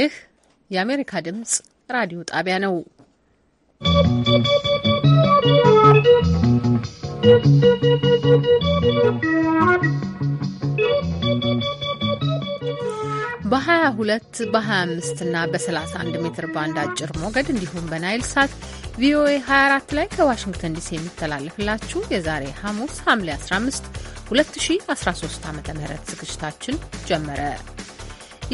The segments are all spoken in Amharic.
ይህ የአሜሪካ ድምጽ ራዲዮ ጣቢያ ነው። በ22 በ25 እና በ31 ሜትር ባንድ አጭር ሞገድ እንዲሁም በናይል ሳት ቪኦኤ 24 ላይ ከዋሽንግተን ዲሲ የሚተላለፍላችሁ የዛሬ ሐሙስ ሐምሌ 15 2013 ዓ ም ዝግጅታችን ጀመረ።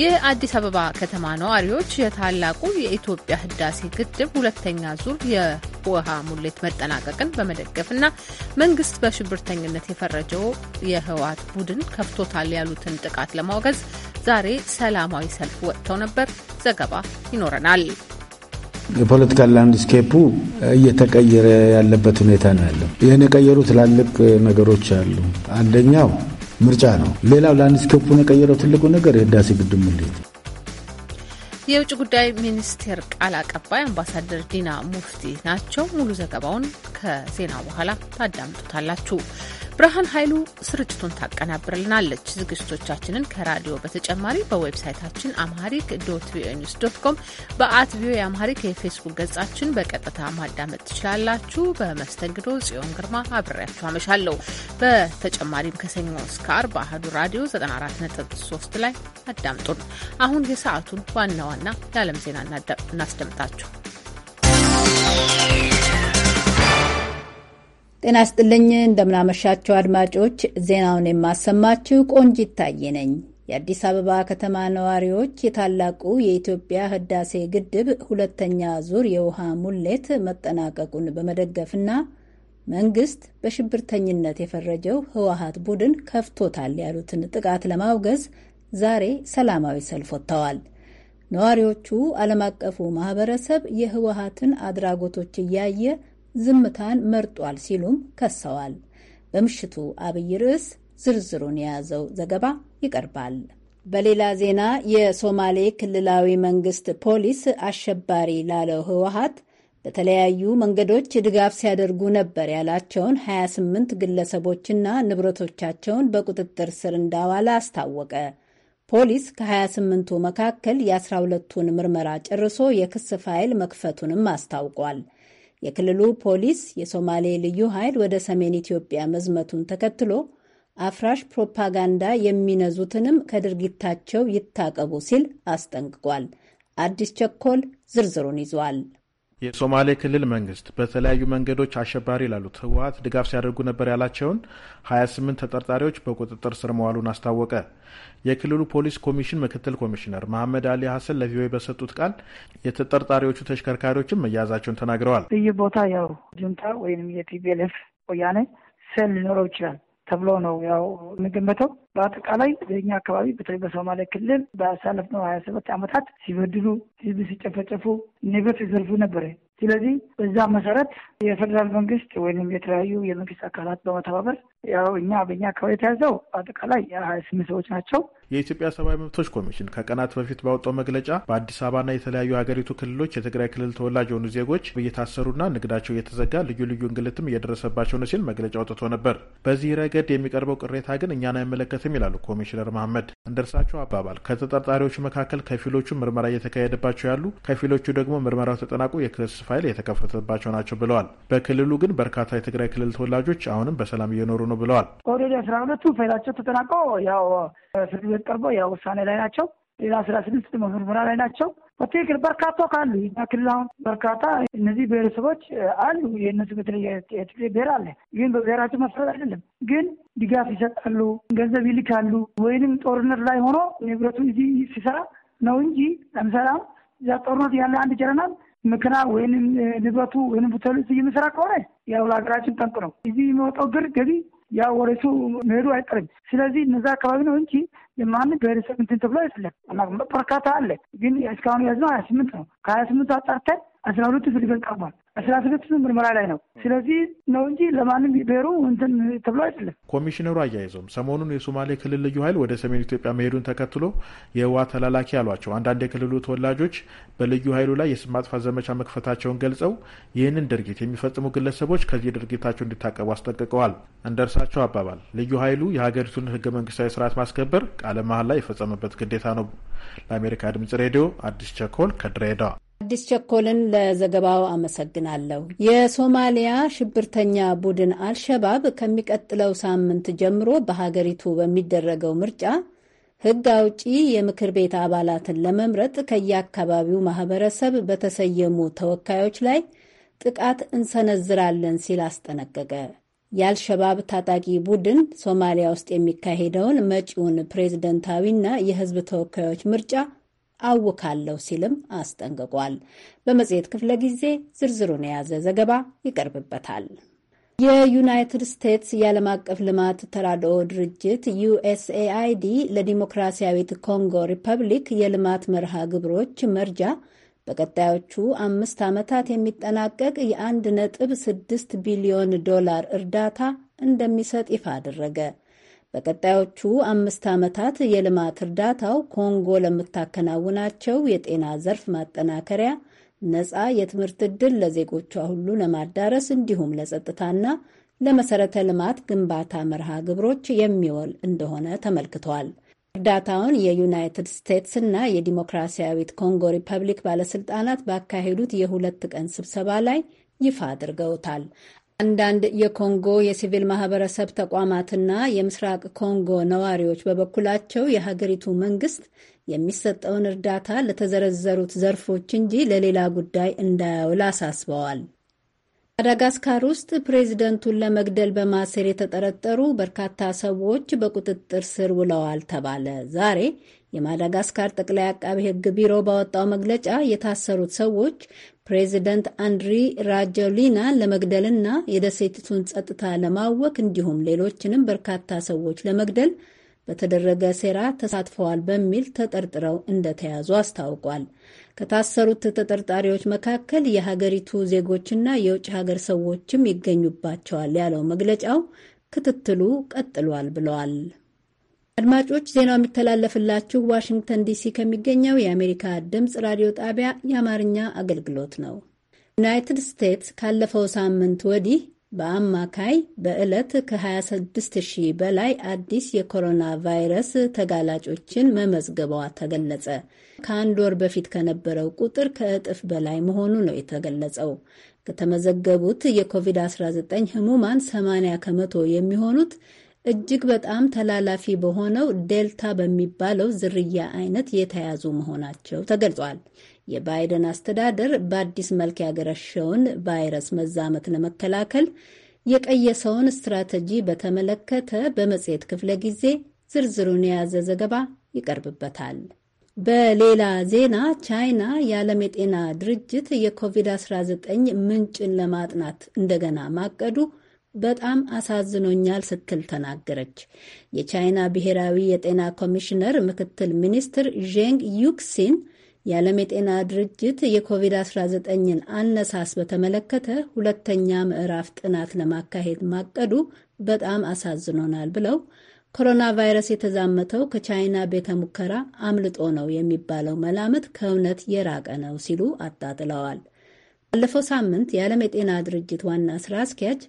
የአዲስ አበባ ከተማ ነዋሪዎች የታላቁ የኢትዮጵያ ህዳሴ ግድብ ሁለተኛ ዙር የውሃ ሙሌት መጠናቀቅን በመደገፍና መንግስት በሽብርተኝነት የፈረጀው የህወሓት ቡድን ከፍቶታል ያሉትን ጥቃት ለማውገዝ ዛሬ ሰላማዊ ሰልፍ ወጥተው ነበር። ዘገባ ይኖረናል። የፖለቲካ ላንድስኬፑ እየተቀየረ ያለበት ሁኔታ ነው ያለው። ይህን የቀየሩ ትላልቅ ነገሮች አሉ። አንደኛው ምርጫ ነው። ሌላው ላንድስኬፑን የቀየረው ትልቁ ነገር የህዳሴ ግድብ ሙሌት የውጭ ጉዳይ ሚኒስቴር ቃል አቀባይ አምባሳደር ዲና ሙፍቲ ናቸው። ሙሉ ዘገባውን ከዜና በኋላ ታዳምጡታላችሁ። ብርሃን ኃይሉ ስርጭቱን ታቀናብርልናለች። ዝግጅቶቻችንን ከራዲዮ በተጨማሪ በዌብሳይታችን አምሃሪክ ዶት ቪኦኤ ኒውስ ዶት ኮም፣ በአት ቪኦኤ አምሃሪክ የፌስቡክ ገጻችን በቀጥታ ማዳመጥ ትችላላችሁ። በመስተንግዶ ጽዮን ግርማ አብሬያችሁ አመሻለሁ። በተጨማሪም ከሰኞ እስከ አርብ ራዲዮ 94.3 ላይ አዳምጡን። አሁን የሰዓቱን ዋና ዋና የዓለም ዜና እናስደምጣችሁ። ጤና ይስጥልኝ እንደምናመሻቸው አድማጮች፣ ዜናውን የማሰማችው ቆንጂ ይታየ ነኝ። የአዲስ አበባ ከተማ ነዋሪዎች የታላቁ የኢትዮጵያ ህዳሴ ግድብ ሁለተኛ ዙር የውሃ ሙሌት መጠናቀቁን በመደገፍና መንግስት በሽብርተኝነት የፈረጀው ህወሀት ቡድን ከፍቶታል ያሉትን ጥቃት ለማውገዝ ዛሬ ሰላማዊ ሰልፍ ወጥተዋል። ነዋሪዎቹ ዓለም አቀፉ ማህበረሰብ የህወሀትን አድራጎቶች እያየ ዝምታን መርጧል ሲሉም ከሰዋል። በምሽቱ አብይ ርዕስ ዝርዝሩን የያዘው ዘገባ ይቀርባል። በሌላ ዜና የሶማሌ ክልላዊ መንግስት ፖሊስ አሸባሪ ላለው ህወሀት በተለያዩ መንገዶች ድጋፍ ሲያደርጉ ነበር ያላቸውን 28 ግለሰቦችና ንብረቶቻቸውን በቁጥጥር ስር እንዳዋለ አስታወቀ። ፖሊስ ከ28ቱ መካከል የ12ቱን ምርመራ ጨርሶ የክስ ፋይል መክፈቱንም አስታውቋል። የክልሉ ፖሊስ የሶማሌ ልዩ ኃይል ወደ ሰሜን ኢትዮጵያ መዝመቱን ተከትሎ አፍራሽ ፕሮፓጋንዳ የሚነዙትንም ከድርጊታቸው ይታቀቡ ሲል አስጠንቅቋል። አዲስ ቸኮል ዝርዝሩን ይዟል። የሶማሌ ክልል መንግስት በተለያዩ መንገዶች አሸባሪ ላሉት ህወሀት ድጋፍ ሲያደርጉ ነበር ያላቸውን 28 ተጠርጣሪዎች በቁጥጥር ስር መዋሉን አስታወቀ። የክልሉ ፖሊስ ኮሚሽን ምክትል ኮሚሽነር መሐመድ አሊ ሀሰን ለቪኦኤ በሰጡት ቃል የተጠርጣሪዎቹ ተሽከርካሪዎችም መያዛቸውን ተናግረዋል። ይህ ቦታ ያው ጁንታ ወይም የቲፒኤልኤፍ ወያኔ ሰል ሊኖረው ይችላል ተብሎ ነው ያው የሚገመተው። በአጠቃላይ በኛ አካባቢ በተለይ በሶማሌ ክልል በአሳለፍነው ሀያ ሰባት ዓመታት ሲበድሉ፣ ህዝብ ሲጨፈጨፉ፣ ንብረት ሲዘርፉ ነበረ። ስለዚህ በዛ መሰረት የፌደራል መንግስት ወይም የተለያዩ የመንግስት አካላት በመተባበር ያው እኛ በኛ አካባቢ የተያዘው አጠቃላይ የሀያ ስምንት ሰዎች ናቸው። የኢትዮጵያ ሰብአዊ መብቶች ኮሚሽን ከቀናት በፊት ባወጣው መግለጫ በአዲስ አበባና የተለያዩ የሀገሪቱ ክልሎች የትግራይ ክልል ተወላጅ የሆኑ ዜጎች እየታሰሩና ንግዳቸው እየተዘጋ ልዩ ልዩ እንግልትም እየደረሰባቸው ነው ሲል መግለጫ አውጥቶ ነበር። በዚህ ረገድ የሚቀርበው ቅሬታ ግን እኛን አይመለከትም ይላሉ ኮሚሽነር መሐመድ። እንደርሳቸው አባባል ከተጠርጣሪዎቹ መካከል ከፊሎቹ ምርመራ እየተካሄደባቸው ያሉ፣ ከፊሎቹ ደግሞ ምርመራው ተጠናቆ የክስ ፋይል የተከፈተባቸው ናቸው ብለዋል። በክልሉ ግን በርካታ የትግራይ ክልል ተወላጆች አሁንም በሰላም እየኖሩ ነው ብለዋል። ኦልሬዲ አስራ ሁለቱ ፋይላቸው ተጠናቆ ያው ፍርድ ቤት ቀርቦ ያው ውሳኔ ላይ ናቸው። ሌላ አስራ ስድስት ምርመራ ላይ ናቸው። በትክክል በርካታ ካሉ እኛ ክልል አሁን በርካታ እነዚህ ብሔረሰቦች አሉ። የእነሱ በተለየ የትግሬ ብሔር አለ። ግን በብሔራቸው መሰረት አይደለም። ግን ድጋፍ ይሰጣሉ፣ ገንዘብ ይልካሉ። ወይንም ጦርነት ላይ ሆኖ ንብረቱ እዚህ ሲሰራ ነው እንጂ ለምሳሌ እዛ ጦርነት ያለ አንድ ጀረናል ምክና ወይንም ንብረቱ ወይንም ቡተሉ እዚህ የምሰራ ከሆነ ያው ለሀገራችን ጠንቅ ነው። እዚህ የሚወጣው ግር ገቢ ያ ወሬቱ መሄዱ አይቀርም። ስለዚህ እነዛ አካባቢ ነው እንጂ የማንም ብሔረሰብ እንትን ተብሎ አይደለም። በርካታ አለ፣ ግን እስካሁን ያዝነው ሀያ ስምንት ነው። ከሀያ ስምንቱ አጣርተን አስራ ሁለቱ ፊሊገን ቀርቧል። አስራ ስድስት ምርመራ ላይ ነው። ስለዚህ ነው እንጂ ለማንም ብሔሩ እንትን ተብሎ አይደለም። ኮሚሽነሩ አያይዘውም ሰሞኑን የሶማሌ ክልል ልዩ ኃይል ወደ ሰሜን ኢትዮጵያ መሄዱን ተከትሎ የህዋ ተላላኪ ያሏቸው አንዳንድ የክልሉ ተወላጆች በልዩ ኃይሉ ላይ የስም ማጥፋት ዘመቻ መክፈታቸውን ገልጸው ይህንን ድርጊት የሚፈጽሙ ግለሰቦች ከዚህ ድርጊታቸው እንዲታቀቡ አስጠንቅቀዋል። እንደ እርሳቸው አባባል ልዩ ኃይሉ የሀገሪቱን ህገ መንግስታዊ ስርዓት ማስከበር ቃለ ላይ የፈጸመበት ግዴታ ነው። ለአሜሪካ ድምጽ ሬዲዮ አዲስ ቸኮል ከድሬዳዋ አዲስ ቸኮልን ለዘገባው አመሰግናለሁ። የሶማሊያ ሽብርተኛ ቡድን አልሸባብ ከሚቀጥለው ሳምንት ጀምሮ በሀገሪቱ በሚደረገው ምርጫ ሕግ አውጪ የምክር ቤት አባላትን ለመምረጥ ከየአካባቢው ማህበረሰብ በተሰየሙ ተወካዮች ላይ ጥቃት እንሰነዝራለን ሲል አስጠነቀቀ። የአልሸባብ ታጣቂ ቡድን ሶማሊያ ውስጥ የሚካሄደውን መጪውን ፕሬዝደንታዊና የህዝብ ተወካዮች ምርጫ አውካለሁ ሲልም አስጠንቅቋል። በመጽሔት ክፍለ ጊዜ ዝርዝሩን የያዘ ዘገባ ይቀርብበታል። የዩናይትድ ስቴትስ የዓለም አቀፍ ልማት ተራድኦ ድርጅት ዩኤስኤአይዲ ለዲሞክራሲያዊት ኮንጎ ሪፐብሊክ የልማት መርሃ ግብሮች መርጃ በቀጣዮቹ አምስት ዓመታት የሚጠናቀቅ የአንድ ነጥብ ስድስት ቢሊዮን ዶላር እርዳታ እንደሚሰጥ ይፋ አደረገ። በቀጣዮቹ አምስት ዓመታት የልማት እርዳታው ኮንጎ ለምታከናውናቸው የጤና ዘርፍ ማጠናከሪያ፣ ነጻ የትምህርት ዕድል ለዜጎቿ ሁሉ ለማዳረስ እንዲሁም ለጸጥታና ለመሰረተ ልማት ግንባታ መርሃ ግብሮች የሚውል እንደሆነ ተመልክቷል። እርዳታውን የዩናይትድ ስቴትስ እና የዲሞክራሲያዊት ኮንጎ ሪፐብሊክ ባለስልጣናት ባካሄዱት የሁለት ቀን ስብሰባ ላይ ይፋ አድርገውታል። አንዳንድ የኮንጎ የሲቪል ማህበረሰብ ተቋማትና የምስራቅ ኮንጎ ነዋሪዎች በበኩላቸው የሀገሪቱ መንግስት የሚሰጠውን እርዳታ ለተዘረዘሩት ዘርፎች እንጂ ለሌላ ጉዳይ እንዳያውል አሳስበዋል። ማዳጋስካር ውስጥ ፕሬዚደንቱን ለመግደል በማሰር የተጠረጠሩ በርካታ ሰዎች በቁጥጥር ስር ውለዋል ተባለ። ዛሬ የማዳጋስካር ጠቅላይ አቃቤ ሕግ ቢሮ ባወጣው መግለጫ የታሰሩት ሰዎች ፕሬዚደንት አንድሪ ራጆሊና ለመግደልና የደሴቲቱን ጸጥታ ለማወክ እንዲሁም ሌሎችንም በርካታ ሰዎች ለመግደል በተደረገ ሴራ ተሳትፈዋል በሚል ተጠርጥረው እንደተያዙ አስታውቋል። ከታሰሩት ተጠርጣሪዎች መካከል የሀገሪቱ ዜጎችና የውጭ ሀገር ሰዎችም ይገኙባቸዋል ያለው መግለጫው ክትትሉ ቀጥሏል ብለዋል። አድማጮች ዜናው የሚተላለፍላችሁ ዋሽንግተን ዲሲ ከሚገኘው የአሜሪካ ድምፅ ራዲዮ ጣቢያ የአማርኛ አገልግሎት ነው። ዩናይትድ ስቴትስ ካለፈው ሳምንት ወዲህ በአማካይ በዕለት ከ26 ሺህ በላይ አዲስ የኮሮና ቫይረስ ተጋላጮችን መመዝገቧ ተገለጸ። ከአንድ ወር በፊት ከነበረው ቁጥር ከእጥፍ በላይ መሆኑ ነው የተገለጸው። ከተመዘገቡት የኮቪድ-19 ህሙማን 80 ከመቶ የሚሆኑት እጅግ በጣም ተላላፊ በሆነው ዴልታ በሚባለው ዝርያ አይነት የተያዙ መሆናቸው ተገልጿል። የባይደን አስተዳደር በአዲስ መልክ ያገረሸውን ቫይረስ መዛመት ለመከላከል የቀየሰውን ስትራቴጂ በተመለከተ በመጽሔት ክፍለ ጊዜ ዝርዝሩን የያዘ ዘገባ ይቀርብበታል። በሌላ ዜና ቻይና የዓለም የጤና ድርጅት የኮቪድ-19 ምንጭን ለማጥናት እንደገና ማቀዱ በጣም አሳዝኖኛል ስትል ተናገረች። የቻይና ብሔራዊ የጤና ኮሚሽነር ምክትል ሚኒስትር ዤንግ ዩክሲን የዓለም የጤና ድርጅት የኮቪድ-19ን አነሳስ በተመለከተ ሁለተኛ ምዕራፍ ጥናት ለማካሄድ ማቀዱ በጣም አሳዝኖናል ብለው ኮሮና ቫይረስ የተዛመተው ከቻይና ቤተ ሙከራ አምልጦ ነው የሚባለው መላምት ከእውነት የራቀ ነው ሲሉ አጣጥለዋል። ባለፈው ሳምንት የዓለም የጤና ድርጅት ዋና ስራ አስኪያጅ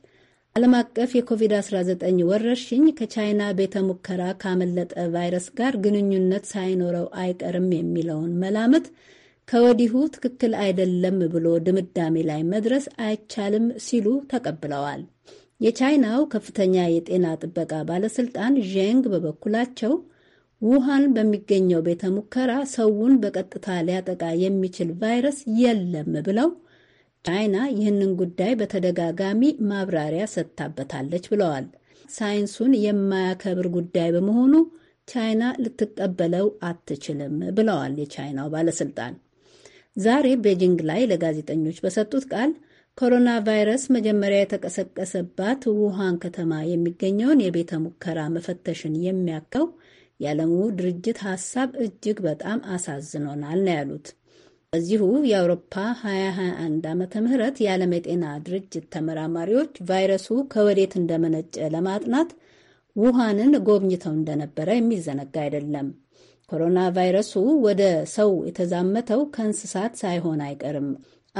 ዓለም አቀፍ የኮቪድ-19 ወረርሽኝ ከቻይና ቤተ ሙከራ ካመለጠ ቫይረስ ጋር ግንኙነት ሳይኖረው አይቀርም የሚለውን መላመት ከወዲሁ ትክክል አይደለም ብሎ ድምዳሜ ላይ መድረስ አይቻልም ሲሉ ተቀብለዋል። የቻይናው ከፍተኛ የጤና ጥበቃ ባለስልጣን ዤንግ በበኩላቸው ውሃን በሚገኘው ቤተ ሙከራ ሰውን በቀጥታ ሊያጠቃ የሚችል ቫይረስ የለም ብለው ቻይና ይህንን ጉዳይ በተደጋጋሚ ማብራሪያ ሰጥታበታለች ብለዋል። ሳይንሱን የማያከብር ጉዳይ በመሆኑ ቻይና ልትቀበለው አትችልም ብለዋል የቻይናው ባለስልጣን። ዛሬ ቤጂንግ ላይ ለጋዜጠኞች በሰጡት ቃል ኮሮና ቫይረስ መጀመሪያ የተቀሰቀሰባት ውሃን ከተማ የሚገኘውን የቤተ ሙከራ መፈተሽን የሚያከው የዓለሙ ድርጅት ሀሳብ እጅግ በጣም አሳዝኖናል ነው ያሉት። በዚሁ የአውሮፓ 2021 ዓመተ ምህረት የዓለም የጤና ድርጅት ተመራማሪዎች ቫይረሱ ከወዴት እንደመነጨ ለማጥናት ውሃንን ጎብኝተው እንደነበረ የሚዘነጋ አይደለም። ኮሮና ቫይረሱ ወደ ሰው የተዛመተው ከእንስሳት ሳይሆን አይቀርም።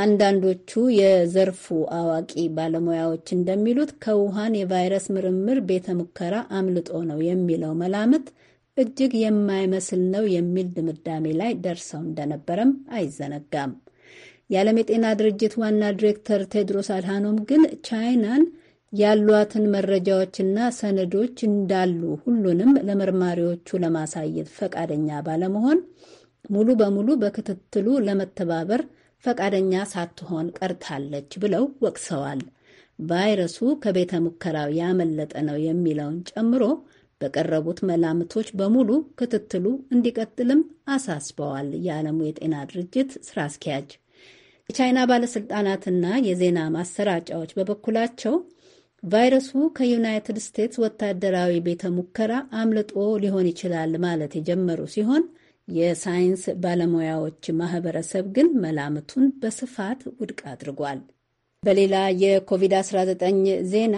አንዳንዶቹ የዘርፉ አዋቂ ባለሙያዎች እንደሚሉት ከውሃን የቫይረስ ምርምር ቤተ ሙከራ አምልጦ ነው የሚለው መላምት እጅግ የማይመስል ነው የሚል ድምዳሜ ላይ ደርሰው እንደነበረም አይዘነጋም። የዓለም የጤና ድርጅት ዋና ዲሬክተር ቴድሮስ አድሃኖም ግን ቻይናን ያሏትን መረጃዎችና ሰነዶች እንዳሉ ሁሉንም ለመርማሪዎቹ ለማሳየት ፈቃደኛ ባለመሆን ሙሉ በሙሉ በክትትሉ ለመተባበር ፈቃደኛ ሳትሆን ቀርታለች ብለው ወቅሰዋል። ቫይረሱ ከቤተ ሙከራው ያመለጠ ነው የሚለውን ጨምሮ በቀረቡት መላምቶች በሙሉ ክትትሉ እንዲቀጥልም አሳስበዋል የዓለሙ የጤና ድርጅት ስራ አስኪያጅ። የቻይና ባለስልጣናትና የዜና ማሰራጫዎች በበኩላቸው ቫይረሱ ከዩናይትድ ስቴትስ ወታደራዊ ቤተ ሙከራ አምልጦ ሊሆን ይችላል ማለት የጀመሩ ሲሆን የሳይንስ ባለሙያዎች ማህበረሰብ ግን መላምቱን በስፋት ውድቅ አድርጓል። በሌላ የኮቪድ-19 ዜና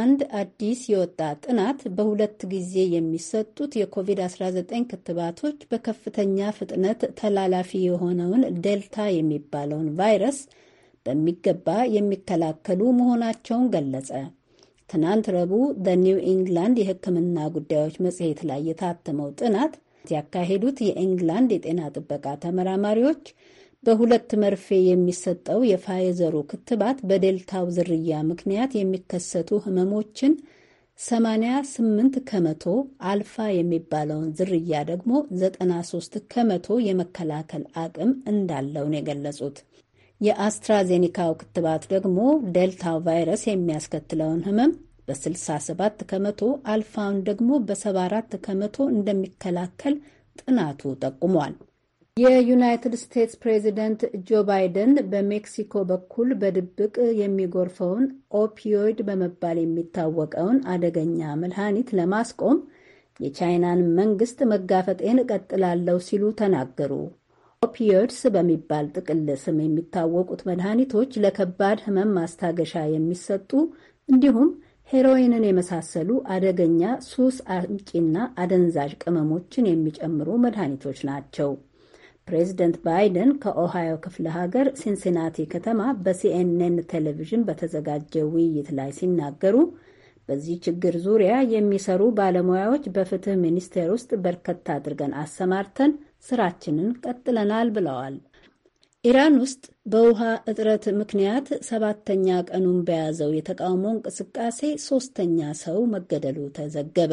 አንድ አዲስ የወጣ ጥናት በሁለት ጊዜ የሚሰጡት የኮቪድ-19 ክትባቶች በከፍተኛ ፍጥነት ተላላፊ የሆነውን ዴልታ የሚባለውን ቫይረስ በሚገባ የሚከላከሉ መሆናቸውን ገለጸ። ትናንት ረቡዕ በኒው ኢንግላንድ የሕክምና ጉዳዮች መጽሔት ላይ የታተመው ጥናት ያካሄዱት የኢንግላንድ የጤና ጥበቃ ተመራማሪዎች በሁለት መርፌ የሚሰጠው የፋይዘሩ ክትባት በዴልታው ዝርያ ምክንያት የሚከሰቱ ህመሞችን 88 ከመቶ፣ አልፋ የሚባለውን ዝርያ ደግሞ 93 ከመቶ የመከላከል አቅም እንዳለውን የገለጹት። የአስትራዜኒካው ክትባት ደግሞ ዴልታው ቫይረስ የሚያስከትለውን ህመም በ67 ከመቶ አልፋውን ደግሞ በ74 ከመቶ እንደሚከላከል ጥናቱ ጠቁሟል። የዩናይትድ ስቴትስ ፕሬዚደንት ጆ ባይደን በሜክሲኮ በኩል በድብቅ የሚጎርፈውን ኦፒዮይድ በመባል የሚታወቀውን አደገኛ መድኃኒት ለማስቆም የቻይናን መንግስት መጋፈጤን እቀጥላለሁ ሲሉ ተናገሩ። ኦፒዮድስ በሚባል ጥቅል ስም የሚታወቁት መድኃኒቶች ለከባድ ህመም ማስታገሻ የሚሰጡ እንዲሁም ሄሮይንን የመሳሰሉ አደገኛ ሱስ አምጪና አደንዛዥ ቅመሞችን የሚጨምሩ መድኃኒቶች ናቸው። ፕሬዚደንት ባይደን ከኦሃዮ ክፍለ ሀገር ሲንሲናቲ ከተማ በሲኤንኤን ቴሌቪዥን በተዘጋጀ ውይይት ላይ ሲናገሩ በዚህ ችግር ዙሪያ የሚሰሩ ባለሙያዎች በፍትህ ሚኒስቴር ውስጥ በርከት አድርገን አሰማርተን ስራችንን ቀጥለናል ብለዋል። ኢራን ውስጥ በውሃ እጥረት ምክንያት ሰባተኛ ቀኑን በያዘው የተቃውሞ እንቅስቃሴ ሶስተኛ ሰው መገደሉ ተዘገበ።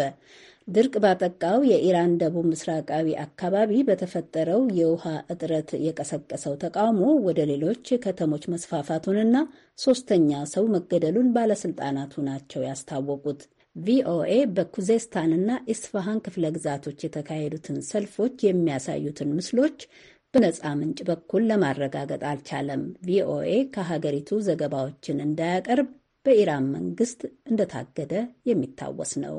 ድርቅ ባጠቃው የኢራን ደቡብ ምስራቃዊ አካባቢ በተፈጠረው የውሃ እጥረት የቀሰቀሰው ተቃውሞ ወደ ሌሎች ከተሞች መስፋፋቱንና ሶስተኛ ሰው መገደሉን ባለስልጣናቱ ናቸው ያስታወቁት። ቪኦኤ በኩዜስታንና ኢስፋሃን ክፍለ ግዛቶች የተካሄዱትን ሰልፎች የሚያሳዩትን ምስሎች በነጻ ምንጭ በኩል ለማረጋገጥ አልቻለም። ቪኦኤ ከሀገሪቱ ዘገባዎችን እንዳያቀርብ በኢራን መንግስት እንደታገደ የሚታወስ ነው።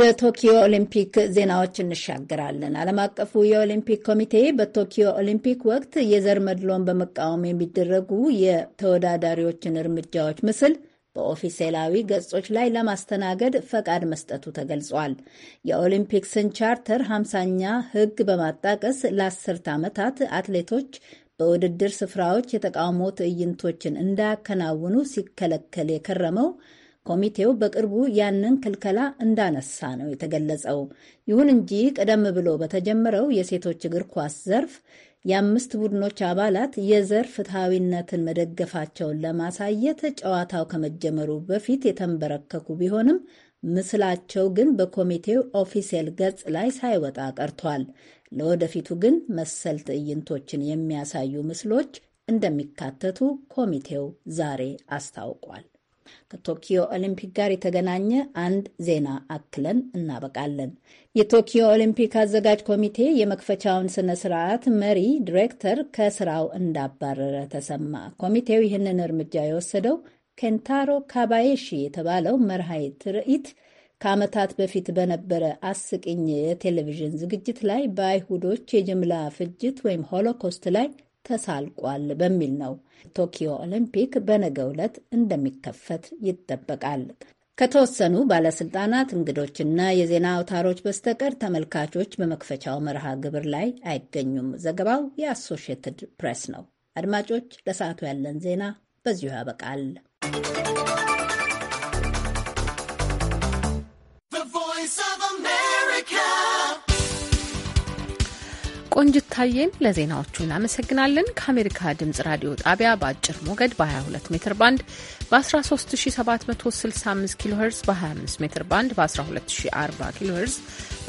በቶኪዮ ኦሊምፒክ ዜናዎች እንሻገራለን። ዓለም አቀፉ የኦሊምፒክ ኮሚቴ በቶኪዮ ኦሊምፒክ ወቅት የዘር መድሎን በመቃወም የሚደረጉ የተወዳዳሪዎችን እርምጃዎች ምስል በኦፊሴላዊ ገጾች ላይ ለማስተናገድ ፈቃድ መስጠቱ ተገልጿል። የኦሊምፒክስን ቻርተር ሃምሳኛ ሕግ በማጣቀስ ለአስርት ዓመታት አትሌቶች በውድድር ስፍራዎች የተቃውሞ ትዕይንቶችን እንዳያከናውኑ ሲከለከል የከረመው ኮሚቴው በቅርቡ ያንን ክልከላ እንዳነሳ ነው የተገለጸው። ይሁን እንጂ ቀደም ብሎ በተጀመረው የሴቶች እግር ኳስ ዘርፍ የአምስት ቡድኖች አባላት የዘር ፍትሐዊነትን መደገፋቸውን ለማሳየት ጨዋታው ከመጀመሩ በፊት የተንበረከኩ ቢሆንም ምስላቸው ግን በኮሚቴው ኦፊሴል ገጽ ላይ ሳይወጣ ቀርቷል። ለወደፊቱ ግን መሰል ትዕይንቶችን የሚያሳዩ ምስሎች እንደሚካተቱ ኮሚቴው ዛሬ አስታውቋል። ከቶኪዮ ኦሊምፒክ ጋር የተገናኘ አንድ ዜና አክለን እናበቃለን። የቶኪዮ ኦሊምፒክ አዘጋጅ ኮሚቴ የመክፈቻውን ስነ ስርዓት መሪ ዲሬክተር ከስራው እንዳባረረ ተሰማ። ኮሚቴው ይህንን እርምጃ የወሰደው ኬንታሮ ካባየሺ የተባለው መርሃይ ትርኢት ከዓመታት በፊት በነበረ አስቂኝ የቴሌቪዥን ዝግጅት ላይ በአይሁዶች የጅምላ ፍጅት ወይም ሆሎኮስት ላይ ተሳልቋል በሚል ነው። ቶኪዮ ኦሊምፒክ በነገ ዕለት እንደሚከፈት ይጠበቃል። ከተወሰኑ ባለስልጣናት እንግዶችና የዜና አውታሮች በስተቀር ተመልካቾች በመክፈቻው መርሃ ግብር ላይ አይገኙም። ዘገባው የአሶሽየትድ ፕሬስ ነው። አድማጮች፣ ለሰዓቱ ያለን ዜና በዚሁ ያበቃል። ቆንጅታዬን ለዜናዎቹ እናመሰግናለን። ከአሜሪካ ድምጽ ራዲዮ ጣቢያ በአጭር ሞገድ በ22 ሜትር ባንድ በ13765 ኪሎ ሄርዝ በ25 ሜትር ባንድ በ1240 ኪሎ ሄርዝ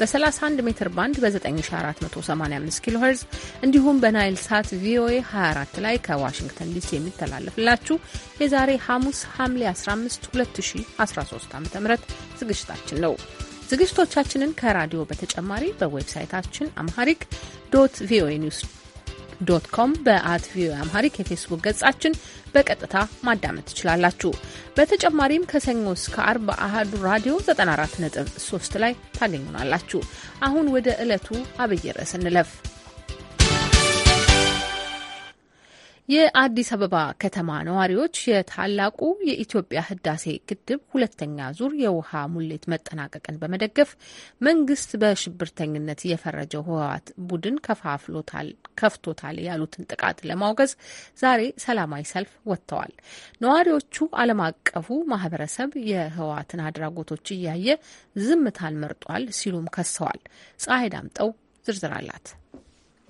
በ31 ሜትር ባንድ በ9485 ኪሎ ሄርዝ እንዲሁም በናይል ሳት ቪኦኤ 24 ላይ ከዋሽንግተን ዲሲ የሚተላለፍላችሁ የዛሬ ሐሙስ ሐምሌ 15 2013 ዓ ም ዝግጅታችን ነው። ዝግጅቶቻችንን ከራዲዮ በተጨማሪ በዌብሳይታችን አምሃሪክ ዶት ቪኦኤ ኒውስ ዶት ኮም በአት ቪኦኤ አምሃሪክ የፌስቡክ ገጻችን በቀጥታ ማዳመጥ ትችላላችሁ። በተጨማሪም ከሰኞ እስከ አርብ አህዱ ራዲዮ 94.3 ላይ ታገኙናላችሁ። አሁን ወደ ዕለቱ አብይ ርዕስ እንለፍ። የአዲስ አበባ ከተማ ነዋሪዎች የታላቁ የኢትዮጵያ ህዳሴ ግድብ ሁለተኛ ዙር የውሃ ሙሌት መጠናቀቅን በመደገፍ መንግስት በሽብርተኝነት የፈረጀው ህወሓት ቡድን ከፋፍሎታል ከፍቶታል ያሉትን ጥቃት ለማውገዝ ዛሬ ሰላማዊ ሰልፍ ወጥተዋል። ነዋሪዎቹ ዓለም አቀፉ ማህበረሰብ የህወሓትን አድራጎቶች እያየ ዝምታን መርጧል ሲሉም ከሰዋል። ፀሐይ ዳምጠው ዝርዝር አላት።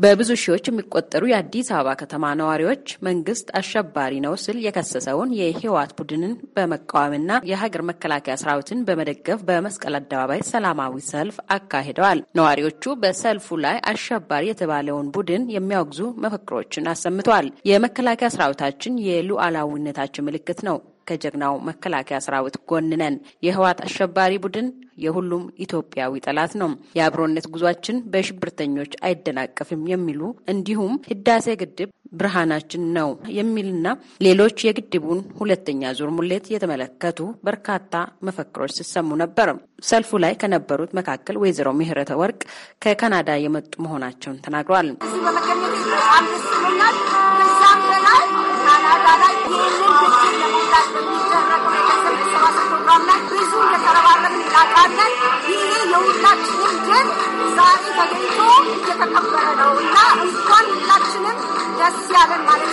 በብዙ ሺዎች የሚቆጠሩ የአዲስ አበባ ከተማ ነዋሪዎች መንግስት አሸባሪ ነው ስል የከሰሰውን የህወሓት ቡድንን በመቃወምና የሀገር መከላከያ ሰራዊትን በመደገፍ በመስቀል አደባባይ ሰላማዊ ሰልፍ አካሂደዋል። ነዋሪዎቹ በሰልፉ ላይ አሸባሪ የተባለውን ቡድን የሚያወግዙ መፈክሮችን አሰምተዋል። የመከላከያ ሰራዊታችን የሉዓላዊነታችን ምልክት ነው ከጀግናው መከላከያ ሰራዊት ጎን ነን። የህወሓት አሸባሪ ቡድን የሁሉም ኢትዮጵያዊ ጠላት ነው። የአብሮነት ጉዟችን በሽብርተኞች አይደናቀፍም የሚሉ እንዲሁም ህዳሴ ግድብ ብርሃናችን ነው የሚልና ሌሎች የግድቡን ሁለተኛ ዙር ሙሌት የተመለከቱ በርካታ መፈክሮች ሲሰሙ ነበር። ሰልፉ ላይ ከነበሩት መካከል ወይዘሮ ምህረተ ወርቅ ከካናዳ የመጡ መሆናቸውን ተናግረዋል። ካናዳ ላይ ይህንን ግድብ በሚደረገው የገንዘብ ፕሮግራም ላይ ብዙ ይሄ የሁላችንም ግን ዛሬ ተገኝቶ እየተከበረ ነው እና እንኳን ሁላችንም ደስ ያለን ማለት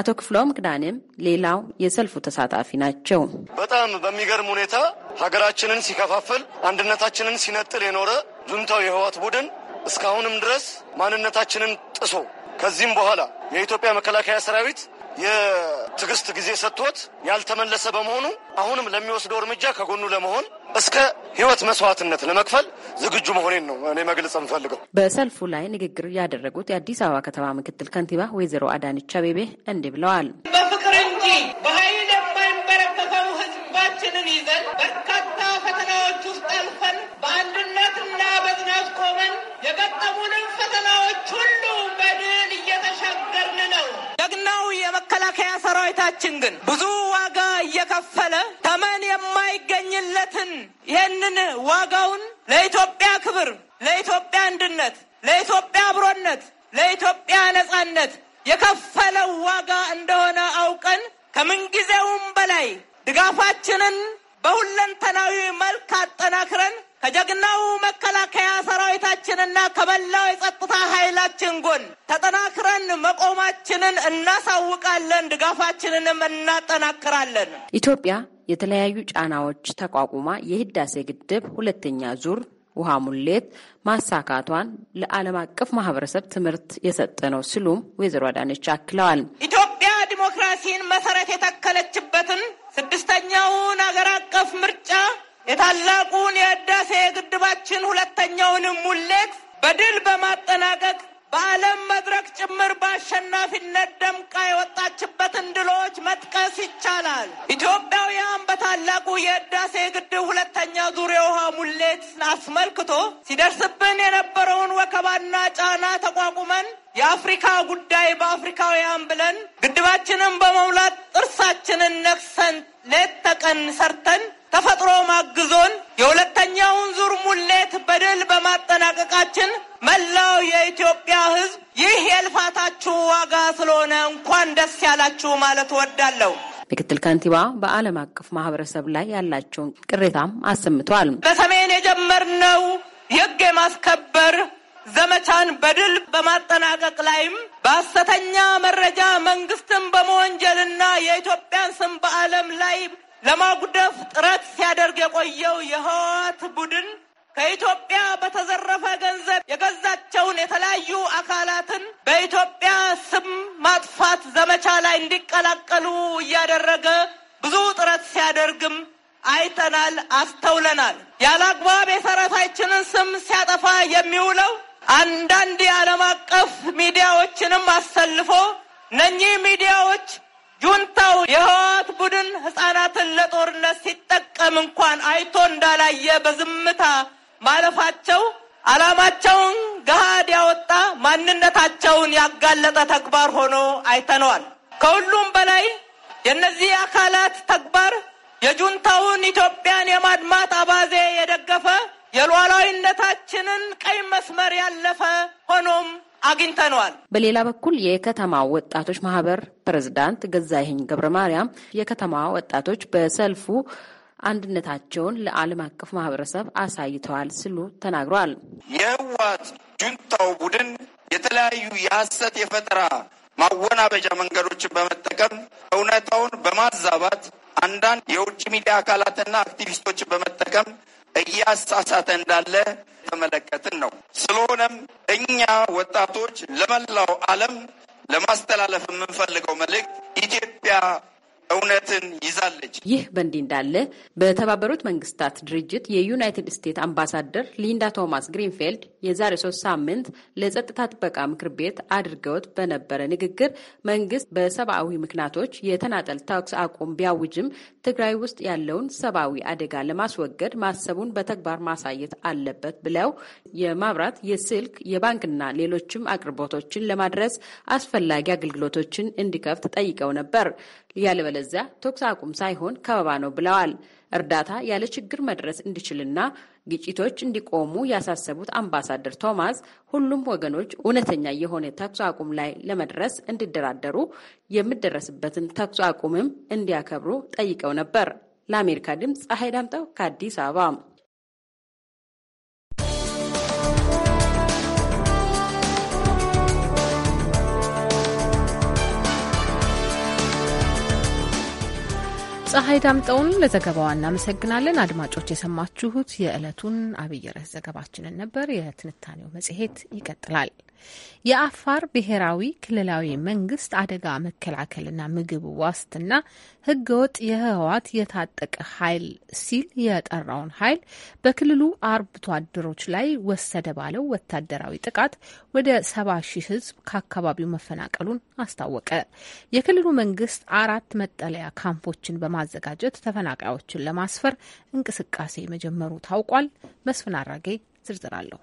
አቶ ክፍሎም ቅዳኔም ሌላው የሰልፉ ተሳታፊ ናቸው። በጣም በሚገርም ሁኔታ ሀገራችንን ሲከፋፍል አንድነታችንን ሲነጥል የኖረ ጁንታው የህወሓት ቡድን እስካሁንም ድረስ ማንነታችንን ጥሶ ከዚህም በኋላ የኢትዮጵያ መከላከያ ሰራዊት የትዕግስት ጊዜ ሰጥቶት ያልተመለሰ በመሆኑ አሁንም ለሚወስደው እርምጃ ከጎኑ ለመሆን እስከ ህይወት መስዋዕትነት ለመክፈል ዝግጁ መሆኔን ነው እኔ መግለጽ የምፈልገው። በሰልፉ ላይ ንግግር ያደረጉት የአዲስ አበባ ከተማ ምክትል ከንቲባ ወይዘሮ አዳነች አቤቤ እንዲህ ብለዋል። በፍቅር እንጂ በኃይል የማይንበረከተው ህዝባችንን ይዘን በርካታ ፈተናዎች ውስጥ አልፈን በአንድነትና በጽናት ቆመን የገጠሙንም ፈተናዎች ሁሉ እየተናገርን ነው። ደግናው የመከላከያ ሰራዊታችን ግን ብዙ ዋጋ እየከፈለ ተመን የማይገኝለትን ይህንን ዋጋውን ለኢትዮጵያ ክብር፣ ለኢትዮጵያ አንድነት፣ ለኢትዮጵያ አብሮነት፣ ለኢትዮጵያ ነጻነት የከፈለው ዋጋ እንደሆነ አውቀን ከምንጊዜውም በላይ ድጋፋችንን በሁለንተናዊ መልክ አጠናክረን ከጀግናው መከላከያ ሰራዊታችንና ከመላው የጸጥታ ኃይላችን ጎን ተጠናክረን መቆማችንን እናሳውቃለን። ድጋፋችንንም እናጠናክራለን። ኢትዮጵያ የተለያዩ ጫናዎች ተቋቁማ የህዳሴ ግድብ ሁለተኛ ዙር ውሃ ሙሌት ማሳካቷን ለዓለም አቀፍ ማህበረሰብ ትምህርት የሰጠ ነው ሲሉም ወይዘሮ አዳነች አክለዋል። ኢትዮጵያ ዲሞክራሲን መሰረት የተከለችበትን ስድስተኛውን አገር አቀፍ ምርጫ የታላቁን የህዳሴ ግድባችን ሁለተኛውንም ሙሌት በድል በማጠናቀቅ በዓለም መድረክ ጭምር በአሸናፊነት ደምቃ የወጣችበትን ድሎች መጥቀስ ይቻላል። ኢትዮጵያውያን በታላቁ የህዳሴ ግድብ ሁለተኛ ዙር የውሃ ሙሌትን አስመልክቶ ሲደርስብን የነበረውን ወከባና ጫና ተቋቁመን የአፍሪካ ጉዳይ በአፍሪካውያን ብለን ግድባችንን በመውላት ጥርሳችንን ነክሰን ሌት ተቀን ሰርተን ተፈጥሮ ማግዞን የሁለተኛውን ዙር ሙሌት በድል በማጠናቀቃችን መላው የኢትዮጵያ ሕዝብ ይህ የልፋታችሁ ዋጋ ስለሆነ እንኳን ደስ ያላችሁ ማለት እወዳለሁ። ምክትል ከንቲባ በዓለም አቀፍ ማህበረሰብ ላይ ያላቸውን ቅሬታም አሰምቷል። በሰሜን የጀመርነው የህግ የማስከበር ዘመቻን በድል በማጠናቀቅ ላይም በሐሰተኛ መረጃ መንግስትን በመወንጀልና የኢትዮጵያን ስም በዓለም ላይ ለማጉደፍ ጥረት ሲያደርግ የቆየው የህወሓት ቡድን ከኢትዮጵያ በተዘረፈ ገንዘብ የገዛቸውን የተለያዩ አካላትን በኢትዮጵያ ስም ማጥፋት ዘመቻ ላይ እንዲቀላቀሉ እያደረገ ብዙ ጥረት ሲያደርግም አይተናል፣ አስተውለናል። ያለ አግባብ ስም ሲያጠፋ የሚውለው አንዳንድ የዓለም አቀፍ ሚዲያዎችንም አሰልፎ እነኚህ ሚዲያዎች ጁንታው የህወሓት ቡድን ህጻናትን ለጦርነት ሲጠቀም እንኳን አይቶ እንዳላየ በዝምታ ማለፋቸው ዓላማቸውን ገሃድ ያወጣ ማንነታቸውን ያጋለጠ ተግባር ሆኖ አይተነዋል። ከሁሉም በላይ የእነዚህ አካላት ተግባር የጁንታውን ኢትዮጵያን የማድማት አባዜ የደገፈ የሉዓላዊነታችንን ቀይ መስመር ያለፈ ሆኖም አግኝተነዋል። በሌላ በኩል የከተማ ወጣቶች ማህበር ፕሬዝዳንት ገዛይህኝ ገብረ ማርያም የከተማ ወጣቶች በሰልፉ አንድነታቸውን ለዓለም አቀፍ ማህበረሰብ አሳይተዋል ሲሉ ተናግሯል። የህወሓት ጁንታው ቡድን የተለያዩ የሐሰት የፈጠራ ማወናበጃ መንገዶችን በመጠቀም እውነታውን በማዛባት አንዳንድ የውጭ ሚዲያ አካላትና አክቲቪስቶችን በመጠቀም እያሳሳተ እንዳለ እየተመለከትን ነው። ስለሆነም እኛ ወጣቶች ለመላው ዓለም ለማስተላለፍ የምንፈልገው መልእክት ኢትዮጵያ እውነትን ይዛለች። ይህ በእንዲህ እንዳለ በተባበሩት መንግስታት ድርጅት የዩናይትድ ስቴትስ አምባሳደር ሊንዳ ቶማስ ግሪንፌልድ የዛሬ ሶስት ሳምንት ለጸጥታ ጥበቃ ምክር ቤት አድርገውት በነበረ ንግግር መንግስት በሰብአዊ ምክንያቶች የተናጠል ተኩስ አቁም ቢያውጅም ትግራይ ውስጥ ያለውን ሰብአዊ አደጋ ለማስወገድ ማሰቡን በተግባር ማሳየት አለበት ብለው የማብራት፣ የስልክ፣ የባንክና ሌሎችም አቅርቦቶችን ለማድረስ አስፈላጊ አገልግሎቶችን እንዲከፍት ጠይቀው ነበር። ያለበለዚያ ተኩስ አቁም ሳይሆን ከበባ ነው ብለዋል። እርዳታ ያለ ችግር መድረስ እንዲችልና ግጭቶች እንዲቆሙ ያሳሰቡት አምባሳደር ቶማስ ሁሉም ወገኖች እውነተኛ የሆነ ተኩስ አቁም ላይ ለመድረስ እንዲደራደሩ የሚደረስበትን ተኩስ አቁምም እንዲያከብሩ ጠይቀው ነበር። ለአሜሪካ ድምፅ ፀሐይ ዳምጠው ከአዲስ አበባ ፀሐይ ዳምጠውን ለዘገባዋ እናመሰግናለን። አድማጮች የሰማችሁት የዕለቱን አብይ ርዕስ ዘገባችንን ነበር። የትንታኔው መጽሔት ይቀጥላል። የአፋር ብሔራዊ ክልላዊ መንግስት አደጋ መከላከልና ምግብ ዋስትና ህገወጥ የህወሓት የታጠቀ ኃይል ሲል የጠራውን ኃይል በክልሉ አርብቶ አደሮች ላይ ወሰደ ባለው ወታደራዊ ጥቃት ወደ ሰባ ሺህ ህዝብ ከአካባቢው መፈናቀሉን አስታወቀ። የክልሉ መንግስት አራት መጠለያ ካምፖችን በማዘጋጀት ተፈናቃዮችን ለማስፈር እንቅስቃሴ መጀመሩ ታውቋል። መስፍን አራጌ ዝርዝር አለሁ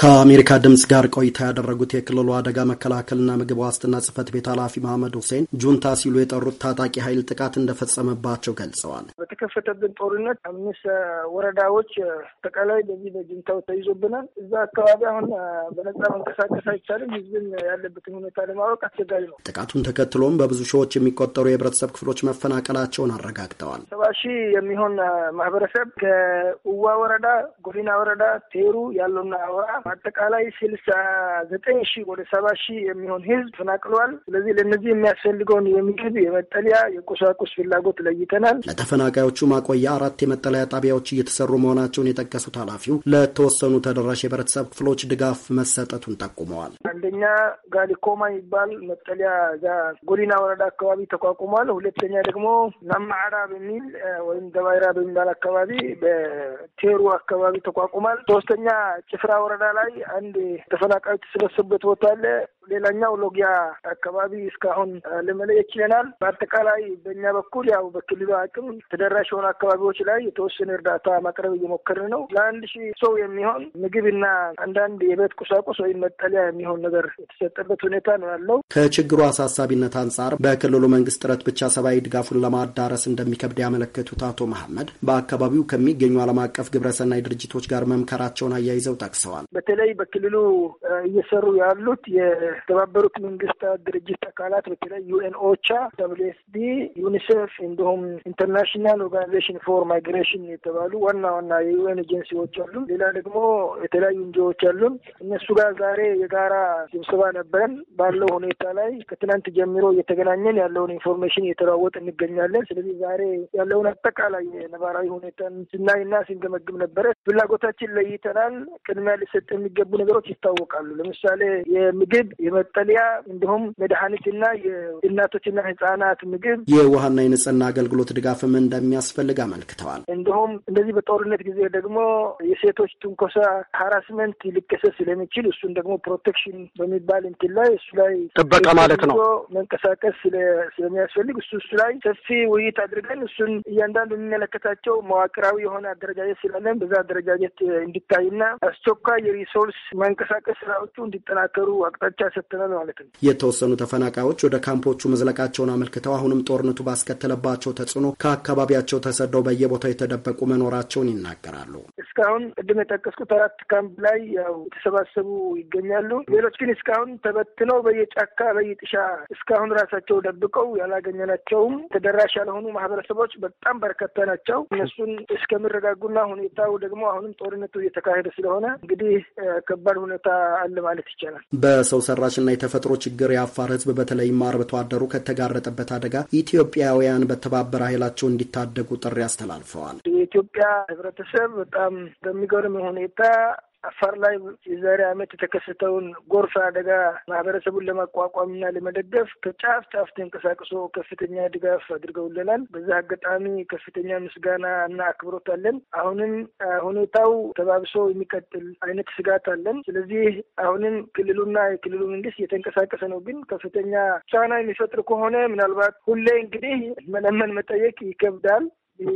ከአሜሪካ ድምፅ ጋር ቆይታ ያደረጉት የክልሉ አደጋ መከላከልና ምግብ ዋስትና ጽህፈት ቤት ኃላፊ መሐመድ ሁሴን ጁንታ ሲሉ የጠሩት ታጣቂ ኃይል ጥቃት እንደፈጸመባቸው ገልጸዋል። በተከፈተብን ጦርነት አምስት ወረዳዎች ተቀላይ በዚህ በጁንታው ተይዞብናል። እዛ አካባቢ አሁን በነጻ መንቀሳቀስ አይቻልም። ህዝብን ያለበትን ሁኔታ ለማወቅ አስቸጋሪ ነው። ጥቃቱን ተከትሎም በብዙ ሺዎች የሚቆጠሩ የህብረተሰብ ክፍሎች መፈናቀላቸውን አረጋግጠዋል። ሰባ ሺህ የሚሆን ማህበረሰብ ከኡዋ ወረዳ፣ ጎዲና ወረዳ፣ ቴሩ ያለውና አውራ አጠቃላይ ስልሳ ዘጠኝ ሺህ ወደ ሰባ ሺህ የሚሆን ህዝብ ተፈናቅሏል። ስለዚህ ለእነዚህ የሚያስፈልገውን የምግብ፣ የመጠለያ፣ የቁሳቁስ ፍላጎት ለይተናል። ለተፈናቃዮቹ ማቆያ አራት የመጠለያ ጣቢያዎች እየተሰሩ መሆናቸውን የጠቀሱት ኃላፊው ለተወሰኑ ተደራሽ የህብረተሰብ ክፍሎች ድጋፍ መሰጠቱን ጠቁመዋል። አንደኛ ጋሊኮማ የሚባል መጠለያ እዛ ጎዲና ወረዳ አካባቢ ተቋቁሟል። ሁለተኛ ደግሞ ናማዕራ በሚል ወይም ደባይራ በሚባል አካባቢ በቴሩ አካባቢ ተቋቁሟል። ሶስተኛ ጭፍራ ወረዳ ላይ አንድ ተፈናቃዮች የተሰበሰቡበት ቦታ አለ። ሌላኛው ሎጊያ አካባቢ እስካሁን ልመለ ይችለናል። በአጠቃላይ በእኛ በኩል ያው በክልሉ አቅም ተደራሽ የሆኑ አካባቢዎች ላይ የተወሰነ እርዳታ ማቅረብ እየሞከርን ነው። ለአንድ ሺህ ሰው የሚሆን ምግብና አንዳንድ የቤት ቁሳቁስ ወይም መጠለያ የሚሆን ነገር የተሰጠበት ሁኔታ ነው ያለው። ከችግሩ አሳሳቢነት አንጻር በክልሉ መንግስት ጥረት ብቻ ሰብአዊ ድጋፉን ለማዳረስ እንደሚከብድ ያመለከቱት አቶ መሐመድ በአካባቢው ከሚገኙ ዓለም አቀፍ ግብረሰናይ ድርጅቶች ጋር መምከራቸውን አያይዘው ጠቅሰዋል። በተለይ በክልሉ እየሰሩ ያሉት የተባበሩት መንግስታት ድርጅት አካላት በተለይ ዩኤን ኦቻ፣ ደብሊው ኤፍ ፒ፣ ዩኒሴፍ እንዲሁም ኢንተርናሽናል ኦርጋናይዜሽን ፎር ማይግሬሽን የተባሉ ዋና ዋና የዩኤን ኤጀንሲዎች አሉ። ሌላ ደግሞ የተለያዩ እንጂዎች አሉን። እነሱ ጋር ዛሬ የጋራ ስብሰባ ነበረን። ባለው ሁኔታ ላይ ከትናንት ጀምሮ እየተገናኘን ያለውን ኢንፎርሜሽን እየተለዋወጥ እንገኛለን። ስለዚህ ዛሬ ያለውን አጠቃላይ ነባራዊ ሁኔታን ስናይና ስንገመግም ነበረ። ፍላጎታችን ለይተናል። ቅድሚያ ሊሰጥ የሚገቡ ነገሮች ይታወቃሉ። ለምሳሌ የምግብ የመጠለያ እንዲሁም መድኃኒትና የእናቶችና ህጻናት ምግብ፣ የውሃና የንጽህና አገልግሎት ድጋፍም እንደሚያስፈልግ አመልክተዋል። እንዲሁም እንደዚህ በጦርነት ጊዜ ደግሞ የሴቶች ትንኮሳ ሀራስመንት ሊከሰት ስለሚችል እሱን ደግሞ ፕሮቴክሽን በሚባል እንትን ላይ እሱ ላይ ጥበቃ ማለት ነው መንቀሳቀስ ስለሚያስፈልግ እሱ እሱ ላይ ሰፊ ውይይት አድርገን እሱን እያንዳንዱ የሚመለከታቸው መዋቅራዊ የሆነ አደረጃጀት ስላለን በዛ አደረጃጀት እንዲታይና አስቸኳይ የሪሶርስ መንቀሳቀስ ስራዎቹ እንዲጠናከሩ አቅጣጫ ሰጥተናል ማለት ነው። የተወሰኑ ተፈናቃዮች ወደ ካምፖቹ መዝለቃቸውን አመልክተው አሁንም ጦርነቱ ባስከተለባቸው ተጽዕኖ ከአካባቢያቸው ተሰደው በየቦታው የተደበቁ መኖራቸውን ይናገራሉ። እስካሁን ቅድም የጠቀስኩት አራት ካምፕ ላይ ያው የተሰባሰቡ ይገኛሉ። ሌሎች ግን እስካሁን ተበትነው በየጫካ በየጥሻ እስካሁን ራሳቸው ደብቀው ያላገኘናቸውም ተደራሽ ያልሆኑ ማህበረሰቦች በጣም በርካታ ናቸው። እነሱን እስከሚረጋጉና ሁኔታው ደግሞ አሁንም ጦርነቱ እየተካሄደ ስለሆነ እንግዲህ ከባድ ሁኔታ አለ ማለት ይቻላል። በሰው ሰራ ሰራሽና የተፈጥሮ ችግር የአፋር ህዝብ በተለይም አርብቶ አደሩ ከተጋረጠበት አደጋ ኢትዮጵያውያን በተባበረ ኃይላቸው እንዲታደጉ ጥሪ አስተላልፈዋል። የኢትዮጵያ ህብረተሰብ በጣም በሚገርም ሁኔታ አፋር ላይ የዛሬ ዓመት የተከሰተውን ጎርፍ አደጋ ማህበረሰቡን ለማቋቋምና ለመደገፍ ከጫፍ ጫፍ ተንቀሳቅሶ ከፍተኛ ድጋፍ አድርገውልናል። በዛ አጋጣሚ ከፍተኛ ምስጋና እና አክብሮት አለን። አሁንም ሁኔታው ተባብሶ የሚቀጥል አይነት ስጋት አለን። ስለዚህ አሁንም ክልሉና የክልሉ መንግስት እየተንቀሳቀሰ ነው። ግን ከፍተኛ ጫና የሚፈጥር ከሆነ ምናልባት ሁሌ እንግዲህ መለመን መጠየቅ ይከብዳል።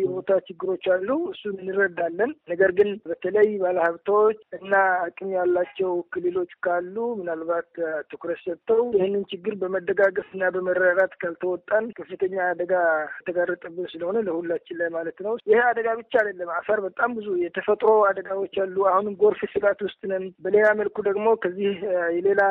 የቦታ ችግሮች አሉ። እሱን እንረዳለን። ነገር ግን በተለይ ባለሀብቶች እና አቅም ያላቸው ክልሎች ካሉ ምናልባት ትኩረት ሰጥተው ይህንን ችግር በመደጋገፍ እና በመረራት ካልተወጣን ከፍተኛ አደጋ የተጋረጠብን ስለሆነ ለሁላችን ላይ ማለት ነው። ይህ አደጋ ብቻ አይደለም። አፈር በጣም ብዙ የተፈጥሮ አደጋዎች አሉ። አሁንም ጎርፍ ስጋት ውስጥ ነን። በሌላ መልኩ ደግሞ ከዚህ የሌላ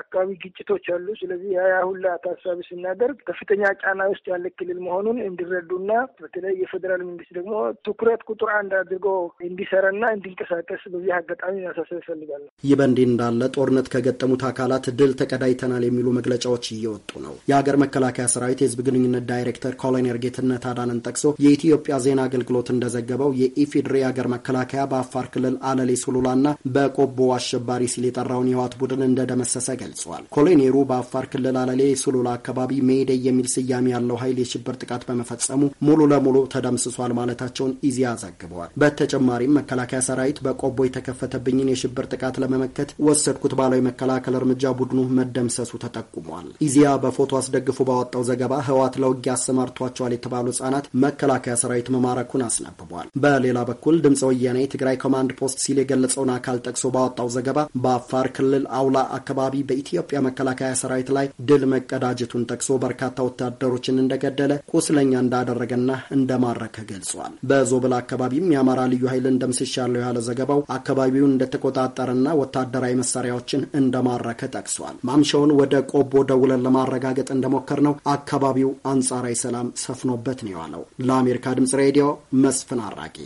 አካባቢ ግጭቶች አሉ። ስለዚህ ያ ሁላ ታሳቢ ስናደርግ ከፍተኛ ጫና ውስጥ ያለ ክልል መሆኑን እንዲረዱና በተለይ የፌዴራል መንግስት ደግሞ ትኩረት ቁጥር አንድ አድርጎ እንዲሰራና እንዲንቀሳቀስ በዚህ አጋጣሚ ማሳሰብ ይፈልጋለሁ። ይህ በእንዲህ እንዳለ ጦርነት ከገጠሙት አካላት ድል ተቀዳይተናል የሚሉ መግለጫዎች እየወጡ ነው። የሀገር መከላከያ ሰራዊት የህዝብ ግንኙነት ዳይሬክተር ኮሎኔል ጌትነት አዳንን ጠቅሶ የኢትዮጵያ ዜና አገልግሎት እንደዘገበው የኢፌዴሪ ሀገር መከላከያ በአፋር ክልል አለሌ ሱሉላና በቆቦ አሸባሪ ሲል የጠራውን የህወሓት ቡድን እንደደመሰሰ ገልጿል። ኮሎኔሩ በአፋር ክልል አለሌ ሱሉላ አካባቢ ሜዴ የሚል ስያሜ ያለው ኃይል የሽብር ጥቃት በመፈጸሙ ሙሉ ለሙሉ ተደምስሷል ማለታቸውን ኢዜአ ዘግበዋል። በተጨማሪም መከላከያ ሰራዊት በቆቦ የተከፈተብኝን የሽብር ጥቃት ለመመከት ወሰድኩት ባለው የመከላከል እርምጃ ቡድኑ መደምሰሱ ተጠቁሟል። ኢዜአ በፎቶ አስደግፎ ባወጣው ዘገባ ህወሓት ለውጊያ አሰማርቷቸዋል የተባሉ ህጻናት መከላከያ ሰራዊት መማረኩን አስነብቧል። በሌላ በኩል ድምፀ ወያኔ የትግራይ ኮማንድ ፖስት ሲል የገለጸውን አካል ጠቅሶ ባወጣው ዘገባ በአፋር ክልል አውላ አካባቢ በኢትዮጵያ መከላከያ ሰራዊት ላይ ድል መቀዳጀቱን ጠቅሶ በርካታ ወታደሮችን እንደገደለ ቁስለኛ እንዳደረገና እንደ እንደማረከ ገልጿል። በዞብል አካባቢም የአማራ ልዩ ኃይልን ደምስሻለሁ ያለ ዘገባው አካባቢውን እንደተቆጣጠረና ወታደራዊ መሳሪያዎችን እንደማረከ ጠቅሷል። ማምሻውን ወደ ቆቦ ደውለን ለማረጋገጥ እንደሞከር ነው አካባቢው አንጻራዊ ሰላም ሰፍኖበት ነው የዋለው። ለአሜሪካ ድምጽ ሬዲዮ መስፍን አራቂ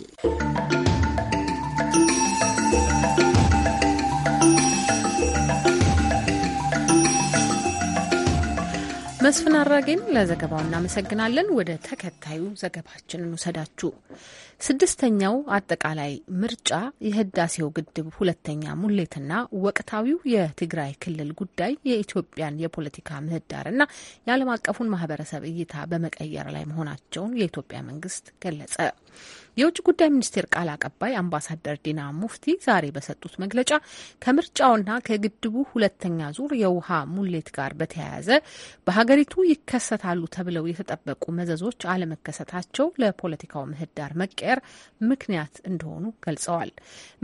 መስፍን አራጌን ለዘገባው እናመሰግናለን። ወደ ተከታዩ ዘገባችን እንውሰዳችሁ። ስድስተኛው አጠቃላይ ምርጫ የህዳሴው ግድብ ሁለተኛ ሙሌትና ወቅታዊው የትግራይ ክልል ጉዳይ የኢትዮጵያን የፖለቲካ ምህዳርና የዓለም አቀፉን ማህበረሰብ እይታ በመቀየር ላይ መሆናቸውን የኢትዮጵያ መንግስት ገለጸ። የውጭ ጉዳይ ሚኒስቴር ቃል አቀባይ አምባሳደር ዲና ሙፍቲ ዛሬ በሰጡት መግለጫ ከምርጫውና ከግድቡ ሁለተኛ ዙር የውሃ ሙሌት ጋር በተያያዘ በሀገሪቱ ይከሰታሉ ተብለው የተጠበቁ መዘዞች አለመከሰታቸው ለፖለቲካው ምህዳር መቀ መቀየር ምክንያት እንደሆኑ ገልጸዋል።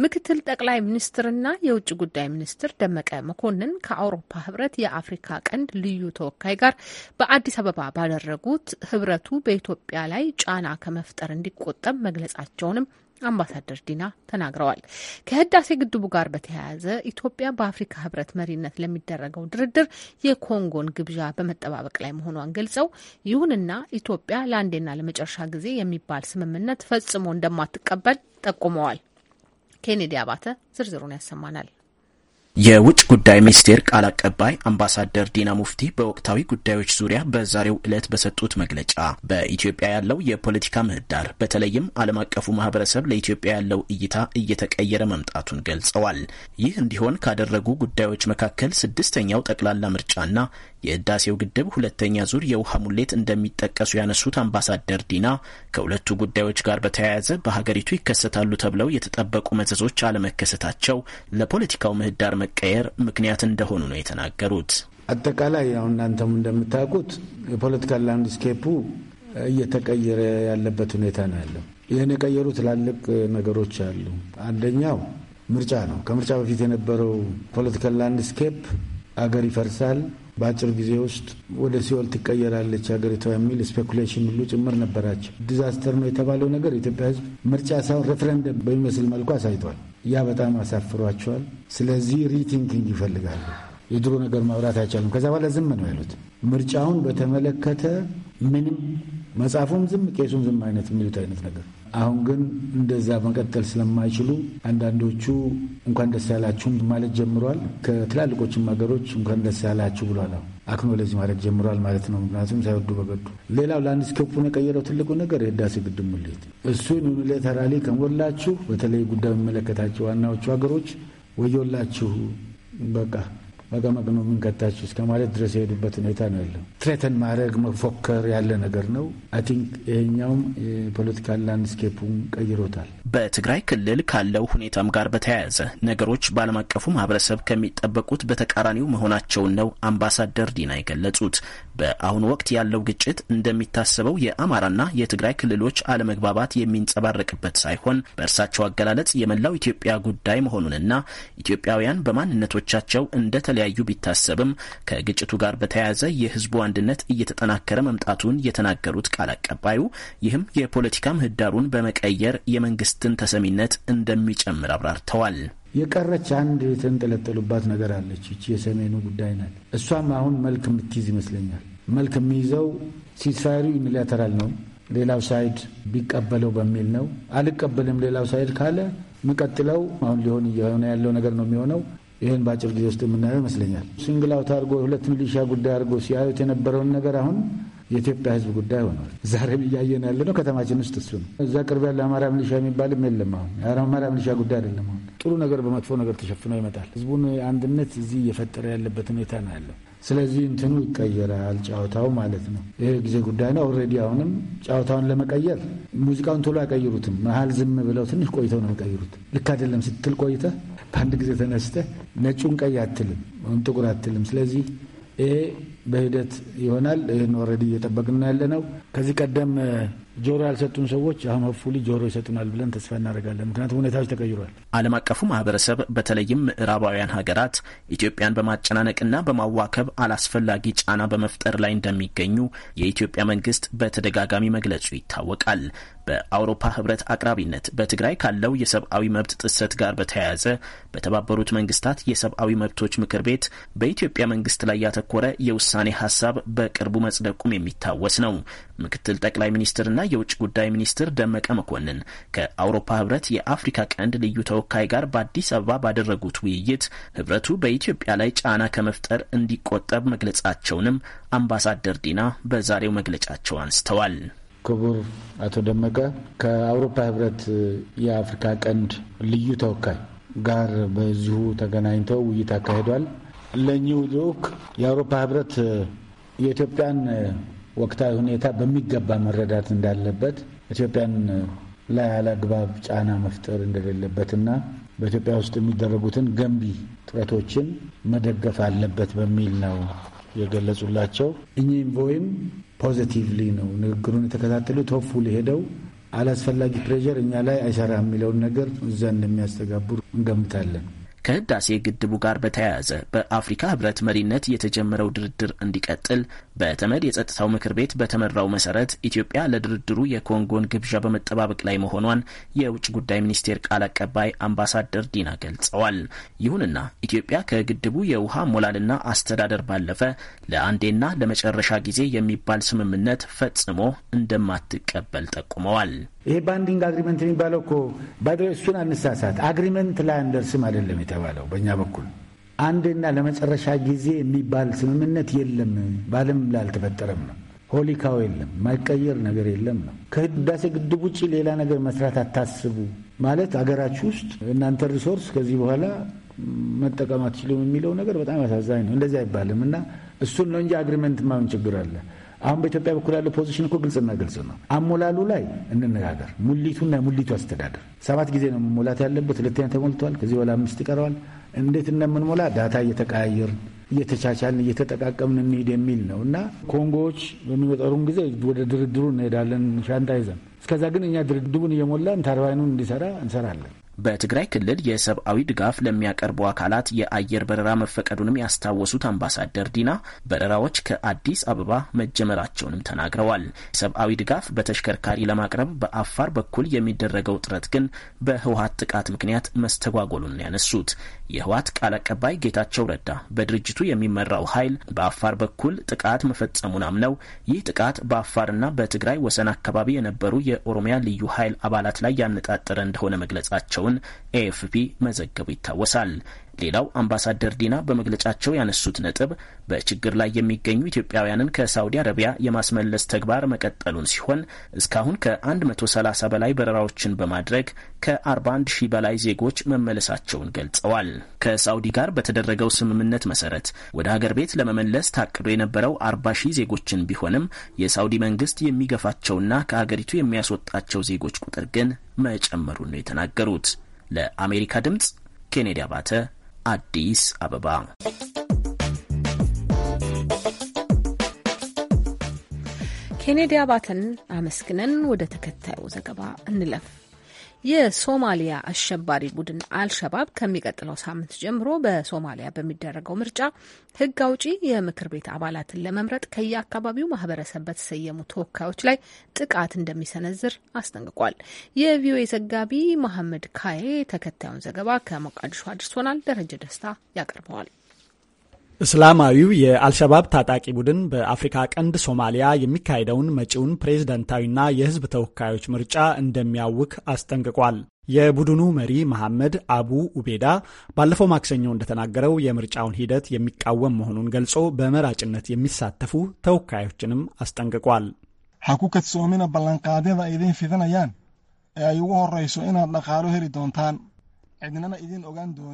ምክትል ጠቅላይ ሚኒስትርና የውጭ ጉዳይ ሚኒስትር ደመቀ መኮንን ከአውሮፓ ህብረት የአፍሪካ ቀንድ ልዩ ተወካይ ጋር በአዲስ አበባ ባደረጉት ህብረቱ በኢትዮጵያ ላይ ጫና ከመፍጠር እንዲቆጠብ መግለጻቸውንም አምባሳደር ዲና ተናግረዋል። ከህዳሴ ግድቡ ጋር በተያያዘ ኢትዮጵያ በአፍሪካ ህብረት መሪነት ለሚደረገው ድርድር የኮንጎን ግብዣ በመጠባበቅ ላይ መሆኗን ገልጸው ይሁንና ኢትዮጵያ ለአንዴና ለመጨረሻ ጊዜ የሚባል ስምምነት ፈጽሞ እንደማትቀበል ጠቁመዋል። ኬኔዲ አባተ ዝርዝሩን ያሰማናል። የውጭ ጉዳይ ሚኒስቴር ቃል አቀባይ አምባሳደር ዲና ሙፍቲ በወቅታዊ ጉዳዮች ዙሪያ በዛሬው ዕለት በሰጡት መግለጫ በኢትዮጵያ ያለው የፖለቲካ ምህዳር በተለይም ዓለም አቀፉ ማህበረሰብ ለኢትዮጵያ ያለው እይታ እየተቀየረ መምጣቱን ገልጸዋል። ይህ እንዲሆን ካደረጉ ጉዳዮች መካከል ስድስተኛው ጠቅላላ ምርጫና የህዳሴው ግድብ ሁለተኛ ዙር የውሃ ሙሌት እንደሚጠቀሱ ያነሱት አምባሳደር ዲና ከሁለቱ ጉዳዮች ጋር በተያያዘ በሀገሪቱ ይከሰታሉ ተብለው የተጠበቁ መዘዞች አለመከሰታቸው ለፖለቲካው ምህዳር መቀየር ምክንያት እንደሆኑ ነው የተናገሩት። አጠቃላይ ያው እናንተም እንደምታውቁት የፖለቲካ ላንድስኬፑ እየተቀየረ ያለበት ሁኔታ ነው ያለው። ይህን የቀየሩ ትላልቅ ነገሮች አሉ። አንደኛው ምርጫ ነው። ከምርጫ በፊት የነበረው ፖለቲካል ላንድስኬፕ አገር ይፈርሳል፣ በአጭር ጊዜ ውስጥ ወደ ሲኦል ትቀየራለች ሀገሪቷ የሚል ስፔኩሌሽን ሁሉ ጭምር ነበራቸው። ዲዛስተር ነው የተባለው ነገር የኢትዮጵያ ሕዝብ ምርጫ ሳይሆን ሬፍረንደም በሚመስል መልኩ አሳይቷል። ያ በጣም አሳፍሯቸዋል። ስለዚህ ሪቲንኪንግ ይፈልጋሉ። የድሮ ነገር ማብራት አይቻልም። ከዛ በኋላ ዝም ነው ያሉት። ምርጫውን በተመለከተ ምንም መጽሐፉም ዝም ቄሱም ዝም አይነት የሚሉት አይነት ነገር አሁን ግን እንደዛ መቀጠል ስለማይችሉ አንዳንዶቹ እንኳን ደስ ያላችሁም ማለት ጀምሯል። ከትላልቆችም ሀገሮች እንኳን ደስ ያላችሁ ብሏል። አክኖሎጂ ማለት ጀምሯል ማለት ነው። ምክንያቱም ሳይወዱ በገዱ ሌላው ለአንድ ላንድስኬፑን የቀየረው ትልቁ ነገር የህዳሴ ግድብ ሙሌት፣ እሱን ዩኒሌተራሊ ከሞላችሁ በተለይ ጉዳዩ የሚመለከታቸው ዋናዎቹ ሀገሮች ወዮላችሁ በቃ መቀመቅ ነው የምንከታችሁ እስከ ማለት ድረስ የሄዱበት ሁኔታ ነው ያለው። ትሬተን ማድረግ መፎከር ያለ ነገር ነው። አይ ቲንክ ይሄኛውም የፖለቲካ ላንድስኬፑን ቀይሮታል። በትግራይ ክልል ካለው ሁኔታም ጋር በተያያዘ ነገሮች በዓለም አቀፉ ማህበረሰብ ከሚጠበቁት በተቃራኒው መሆናቸውን ነው አምባሳደር ዲና የገለጹት። በአሁኑ ወቅት ያለው ግጭት እንደሚታሰበው የአማራና የትግራይ ክልሎች አለመግባባት የሚንጸባረቅበት ሳይሆን በእርሳቸው አገላለጽ የመላው ኢትዮጵያ ጉዳይ መሆኑንና ኢትዮጵያውያን በማንነቶቻቸው እንደተለያዩ ቢታሰብም ከግጭቱ ጋር በተያያዘ የሕዝቡ አንድነት እየተጠናከረ መምጣቱን የተናገሩት ቃል አቀባዩ ይህም የፖለቲካ ምህዳሩን በመቀየር የመንግስትን ተሰሚነት እንደሚጨምር አብራርተዋል። የቀረች አንድ የተንጠለጠሉባት ነገር አለች። ይቺ የሰሜኑ ጉዳይ ናት። እሷም አሁን መልክ የምትይዝ ይመስለኛል። መልክ የሚይዘው ሲስፋሪ ዩኒላተራል ነው። ሌላው ሳይድ ቢቀበለው በሚል ነው። አልቀበልም ሌላው ሳይድ ካለ ምቀጥለው አሁን ሊሆን እየሆነ ያለው ነገር ነው የሚሆነው። ይህን በአጭር ጊዜ ውስጥ የምናየው ይመስለኛል። ሲንግል አውት አድርጎ ሁለት ሚሊሻ ጉዳይ አድርጎ ሲያዩት የነበረውን ነገር አሁን የኢትዮጵያ ሕዝብ ጉዳይ ሆኗል። ዛሬም እያየን ያለ ነው። ከተማችን ውስጥ እሱ ነው። እዛ ቅርብ ያለ አማራ ሚሊሻ የሚባልም የለም። አሁን አማራ ሚሊሻ ጉዳይ አይደለም። አሁን ጥሩ ነገር በመጥፎ ነገር ተሸፍኖ ይመጣል። ሕዝቡን አንድነት እዚህ እየፈጠረ ያለበት ሁኔታ ነው ያለው። ስለዚህ እንትኑ ይቀየራል፣ ጨዋታው ማለት ነው። ይህ ጊዜ ጉዳይ ነው። ኦልሬዲ አሁንም ጨዋታውን ለመቀየር ሙዚቃውን ቶሎ አይቀይሩትም። መሀል ዝም ብለው ትንሽ ቆይተው ነው የሚቀይሩት። ልክ አይደለም ስትል ቆይተህ በአንድ ጊዜ ተነስተህ ነጩን ቀይ አትልም ወይም ጥቁር አትልም። ስለዚህ ይሄ በሂደት ይሆናል። ይህን ወረድ እየጠበቅና ያለ ነው። ከዚህ ቀደም ጆሮ ያልሰጡን ሰዎች አሁን ሆፉሊ ጆሮ ይሰጡናል ብለን ተስፋ እናደርጋለን። ምክንያቱም ሁኔታዎች ተቀይሯል። ዓለም አቀፉ ማህበረሰብ በተለይም ምዕራባውያን ሀገራት ኢትዮጵያን በማጨናነቅና በማዋከብ አላስፈላጊ ጫና በመፍጠር ላይ እንደሚገኙ የኢትዮጵያ መንግስት በተደጋጋሚ መግለጹ ይታወቃል። በአውሮፓ ህብረት አቅራቢነት በትግራይ ካለው የሰብአዊ መብት ጥሰት ጋር በተያያዘ በተባበሩት መንግስታት የሰብአዊ መብቶች ምክር ቤት በኢትዮጵያ መንግስት ላይ ያተኮረ የውሳኔ ሀሳብ በቅርቡ መጽደቁም የሚታወስ ነው። ምክትል ጠቅላይ ሚኒስትርና የውጭ ጉዳይ ሚኒስትር ደመቀ መኮንን ከአውሮፓ ህብረት የአፍሪካ ቀንድ ልዩ ተወካይ ጋር በአዲስ አበባ ባደረጉት ውይይት ህብረቱ በኢትዮጵያ ላይ ጫና ከመፍጠር እንዲቆጠብ መግለጻቸውንም አምባሳደር ዲና በዛሬው መግለጫቸው አንስተዋል። ክቡር አቶ ደመቀ ከአውሮፓ ህብረት የአፍሪካ ቀንድ ልዩ ተወካይ ጋር በዚሁ ተገናኝተው ውይይት አካሂዷል። ለእኚሁ ልዑክ የአውሮፓ ህብረት የኢትዮጵያን ወቅታዊ ሁኔታ በሚገባ መረዳት እንዳለበት ኢትዮጵያን ላይ አላግባብ ጫና መፍጠር እንደሌለበትና በኢትዮጵያ ውስጥ የሚደረጉትን ገንቢ ጥረቶችን መደገፍ አለበት በሚል ነው የገለጹላቸው። እኚህም ቦይም ፖዚቲቭሊ ነው ንግግሩን የተከታተሉት። ሆፕፉል ሄደው አላስፈላጊ ፕሬዠር እኛ ላይ አይሰራም የሚለውን ነገር እዛ እንደሚያስተጋብሩ እንገምታለን። ከህዳሴ ግድቡ ጋር በተያያዘ በአፍሪካ ህብረት መሪነት የተጀመረው ድርድር እንዲቀጥል በተመድ የጸጥታው ምክር ቤት በተመራው መሰረት ኢትዮጵያ ለድርድሩ የኮንጎን ግብዣ በመጠባበቅ ላይ መሆኗን የውጭ ጉዳይ ሚኒስቴር ቃል አቀባይ አምባሳደር ዲና ገልጸዋል። ይሁንና ኢትዮጵያ ከግድቡ የውሃ ሞላልና አስተዳደር ባለፈ ለአንዴና ለመጨረሻ ጊዜ የሚባል ስምምነት ፈጽሞ እንደማትቀበል ጠቁመዋል። ይሄ ባንዲንግ አግሪመንት የሚባለው እኮ ባዶ እሱን አንሳሳት አግሪመንት ላይ አንደርስም አይደለም የተባለው በእኛ በኩል አንድና ለመጨረሻ ጊዜ የሚባል ስምምነት የለም። በዓለም ላልተፈጠረም ነው። ሆሊካው የለም፣ ማይቀየር ነገር የለም ነው። ከህዳሴ ግድብ ውጭ ሌላ ነገር መስራት አታስቡ ማለት አገራችሁ ውስጥ እናንተ ሪሶርስ ከዚህ በኋላ መጠቀም አትችሉም የሚለው ነገር በጣም ያሳዛኝ ነው። እንደዚህ አይባልም እና እሱን ነው እንጂ አግሪመንት ማን ችግር አለ? አሁን በኢትዮጵያ በኩል ያለው ፖዚሽን እኮ ግልጽና ግልጽ ነው። አሞላሉ ላይ እንነጋገር። ሙሊቱና ሙሊቱ አስተዳደር ሰባት ጊዜ ነው መሞላት ያለበት፣ ሁለተኛ ተሞልተዋል። ከዚህ በኋላ አምስት ይቀረዋል። እንዴት እንደምንሞላ ዳታ እየተቀያየር እየተቻቻልን እየተጠቃቀምን እንሂድ የሚል ነው እና ኮንጎዎች በሚወጠሩን ጊዜ ወደ ድርድሩ እንሄዳለን ሻንጣ ይዘን። እስከዛ ግን እኛ ድርድቡን እየሞላን ተርባይኑን እንዲሰራ እንሰራለን። በትግራይ ክልል የሰብአዊ ድጋፍ ለሚያቀርቡ አካላት የአየር በረራ መፈቀዱንም ያስታወሱት አምባሳደር ዲና በረራዎች ከአዲስ አበባ መጀመራቸውንም ተናግረዋል። ሰብአዊ ድጋፍ በተሽከርካሪ ለማቅረብ በአፋር በኩል የሚደረገው ጥረት ግን በህወሀት ጥቃት ምክንያት መስተጓጎሉን ያነሱት የህወሀት ቃል አቀባይ ጌታቸው ረዳ በድርጅቱ የሚመራው ኃይል በአፋር በኩል ጥቃት መፈጸሙን አምነው ይህ ጥቃት በአፋርና በትግራይ ወሰን አካባቢ የነበሩ የኦሮሚያ ልዩ ኃይል አባላት ላይ ያነጣጠረ እንደሆነ መግለጻቸው መሆናቸውን ኤኤፍፒ መዘገቡ ይታወሳል። ሌላው አምባሳደር ዲና በመግለጫቸው ያነሱት ነጥብ በችግር ላይ የሚገኙ ኢትዮጵያውያንን ከሳውዲ አረቢያ የማስመለስ ተግባር መቀጠሉን ሲሆን እስካሁን ከ130 በላይ በረራዎችን በማድረግ ከ41 ሺህ በላይ ዜጎች መመለሳቸውን ገልጸዋል። ከሳውዲ ጋር በተደረገው ስምምነት መሰረት ወደ ሀገር ቤት ለመመለስ ታቅዶ የነበረው 40 ሺህ ዜጎችን ቢሆንም የሳውዲ መንግስት የሚገፋቸውና ከሀገሪቱ የሚያስወጣቸው ዜጎች ቁጥር ግን መጨመሩን ነው የተናገሩት። ለአሜሪካ ድምጽ ኬኔዲ አባተ አዲስ አበባ። ኬኔዲ አባትን አመስግነን ወደ ተከታዩ ዘገባ እንለፍ። የሶማሊያ አሸባሪ ቡድን አልሸባብ ከሚቀጥለው ሳምንት ጀምሮ በሶማሊያ በሚደረገው ምርጫ ሕግ አውጪ የምክር ቤት አባላትን ለመምረጥ ከየአካባቢው ማህበረሰብ በተሰየሙ ተወካዮች ላይ ጥቃት እንደሚሰነዝር አስጠንቅቋል። የቪኦኤ ዘጋቢ መሐመድ ካዬ ተከታዩን ዘገባ ከሞቃዲሾ አድርሶናል። ደረጀ ደስታ ያቀርበዋል። እስላማዊው የአልሸባብ ታጣቂ ቡድን በአፍሪካ ቀንድ ሶማሊያ የሚካሄደውን መጪውን ፕሬዝደንታዊና የህዝብ ተወካዮች ምርጫ እንደሚያውክ አስጠንቅቋል። የቡድኑ መሪ መሐመድ አቡ ኡቤዳ ባለፈው ማክሰኞ እንደተናገረው የምርጫውን ሂደት የሚቃወም መሆኑን ገልጾ በመራጭነት የሚሳተፉ ተወካዮችንም አስጠንቅቋል። ሐኩከት ሶሚና ባላንቃዴዳ ኢዲን ፊደናያን አይ ኡጉ ሆረይሶ ኢናድ ደቃሎ ሄሪ ዶንታን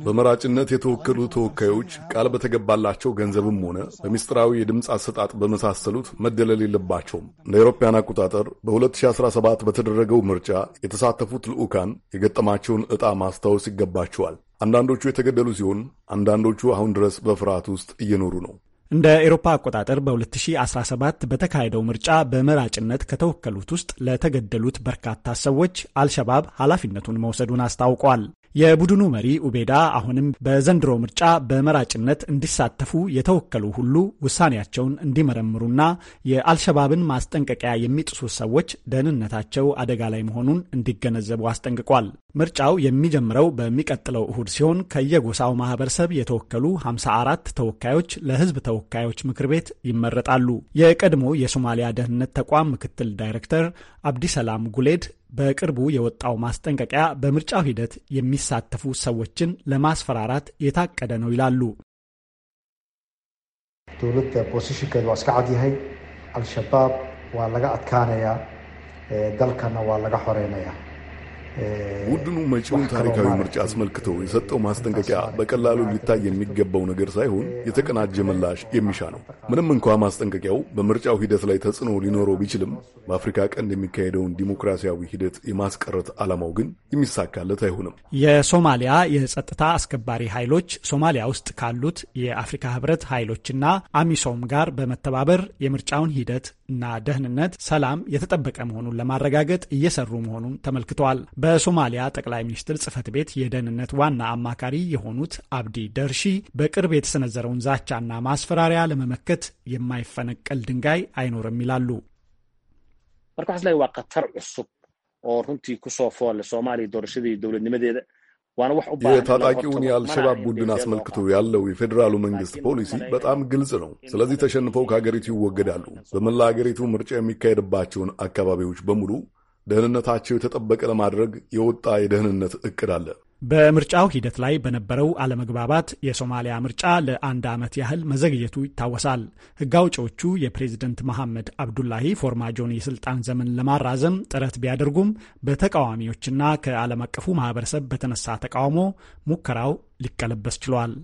በመራጭነት የተወከሉ ተወካዮች ቃል በተገባላቸው ገንዘብም ሆነ በምስጢራዊ የድምፅ አሰጣጥ በመሳሰሉት መደለል የለባቸውም። እንደ አውሮፓውያን አቆጣጠር በ2017 በተደረገው ምርጫ የተሳተፉት ልዑካን የገጠማቸውን ዕጣ ማስታወስ ይገባቸዋል። አንዳንዶቹ የተገደሉ ሲሆን፣ አንዳንዶቹ አሁን ድረስ በፍርሃት ውስጥ እየኖሩ ነው። እንደ ኤሮፓ አቆጣጠር በ2017 በተካሄደው ምርጫ በመራጭነት ከተወከሉት ውስጥ ለተገደሉት በርካታ ሰዎች አልሸባብ ኃላፊነቱን መውሰዱን አስታውቋል። የቡድኑ መሪ ኡቤዳ አሁንም በዘንድሮ ምርጫ በመራጭነት እንዲሳተፉ የተወከሉ ሁሉ ውሳኔያቸውን እንዲመረምሩና የአልሸባብን ማስጠንቀቂያ የሚጥሱ ሰዎች ደህንነታቸው አደጋ ላይ መሆኑን እንዲገነዘቡ አስጠንቅቋል። ምርጫው የሚጀምረው በሚቀጥለው እሁድ ሲሆን ከየጎሳው ማህበረሰብ የተወከሉ 54 ተወካዮች ለህዝብ ተወካዮች ምክር ቤት ይመረጣሉ። የቀድሞ የሶማሊያ ደህንነት ተቋም ምክትል ዳይሬክተር አብዲሰላም ጉሌድ በቅርቡ የወጣው ማስጠንቀቂያ በምርጫው ሂደት የሚሳተፉ ሰዎችን ለማስፈራራት የታቀደ ነው ይላሉ። ዶላዳ ቦሲሽንከድ waa iska አልሸባብ waa laga ቡድኑ መጪውን ታሪካዊ ምርጫ አስመልክቶ የሰጠው ማስጠንቀቂያ በቀላሉ ሊታይ የሚገባው ነገር ሳይሆን የተቀናጀ ምላሽ የሚሻ ነው። ምንም እንኳ ማስጠንቀቂያው በምርጫው ሂደት ላይ ተጽዕኖ ሊኖረው ቢችልም በአፍሪካ ቀንድ የሚካሄደውን ዲሞክራሲያዊ ሂደት የማስቀረት ዓላማው ግን የሚሳካለት አይሆንም። የሶማሊያ የጸጥታ አስከባሪ ኃይሎች ሶማሊያ ውስጥ ካሉት የአፍሪካ ህብረት ኃይሎችና አሚሶም ጋር በመተባበር የምርጫውን ሂደት እና ደህንነት ሰላም የተጠበቀ መሆኑን ለማረጋገጥ እየሰሩ መሆኑን ተመልክተዋል። በሶማሊያ ጠቅላይ ሚኒስትር ጽህፈት ቤት የደህንነት ዋና አማካሪ የሆኑት አብዲ ደርሺ በቅርብ የተሰነዘረውን ዛቻና ማስፈራሪያ ለመመከት የማይፈነቀል ድንጋይ አይኖርም ይላሉ። የታጣቂውን የአልሸባብ ቡድን አስመልክቶ ያለው የፌዴራሉ መንግስት ፖሊሲ በጣም ግልጽ ነው። ስለዚህ ተሸንፈው ከሀገሪቱ ይወገዳሉ። በመላ ሀገሪቱ ምርጫ የሚካሄድባቸውን አካባቢዎች በሙሉ ደህንነታቸው የተጠበቀ ለማድረግ የወጣ የደህንነት እቅድ አለ። በምርጫው ሂደት ላይ በነበረው አለመግባባት የሶማሊያ ምርጫ ለአንድ ዓመት ያህል መዘግየቱ ይታወሳል። ሕግ አውጪዎቹ የፕሬዝደንት መሐመድ አብዱላሂ ፎርማጆን የስልጣን ዘመን ለማራዘም ጥረት ቢያደርጉም በተቃዋሚዎችና ከዓለም አቀፉ ማህበረሰብ በተነሳ ተቃውሞ ሙከራው ሊቀለበስ ችሏል።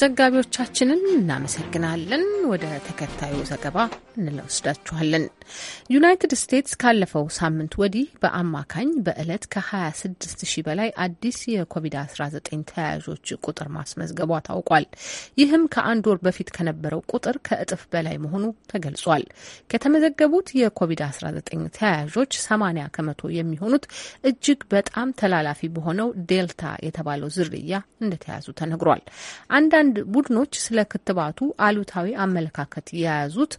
ዘጋቢዎቻችንን እናመሰግናለን። ወደ ተከታዩ ዘገባ እንወስዳችኋለን። ዩናይትድ ስቴትስ ካለፈው ሳምንት ወዲህ በአማካኝ በዕለት ከ26 ሺ በላይ አዲስ የኮቪድ-19 ተያያዦች ቁጥር ማስመዝገቧ ታውቋል። ይህም ከአንድ ወር በፊት ከነበረው ቁጥር ከእጥፍ በላይ መሆኑ ተገልጿል። ከተመዘገቡት የኮቪድ-19 ተያያዦች 80 ከመቶ የሚሆኑት እጅግ በጣም ተላላፊ በሆነው ዴልታ የተባለው ዝርያ እንደተያዙ ተነግሯል። አንዳንድ አንዳንድ ቡድኖች ስለ ክትባቱ አሉታዊ አመለካከት የያዙት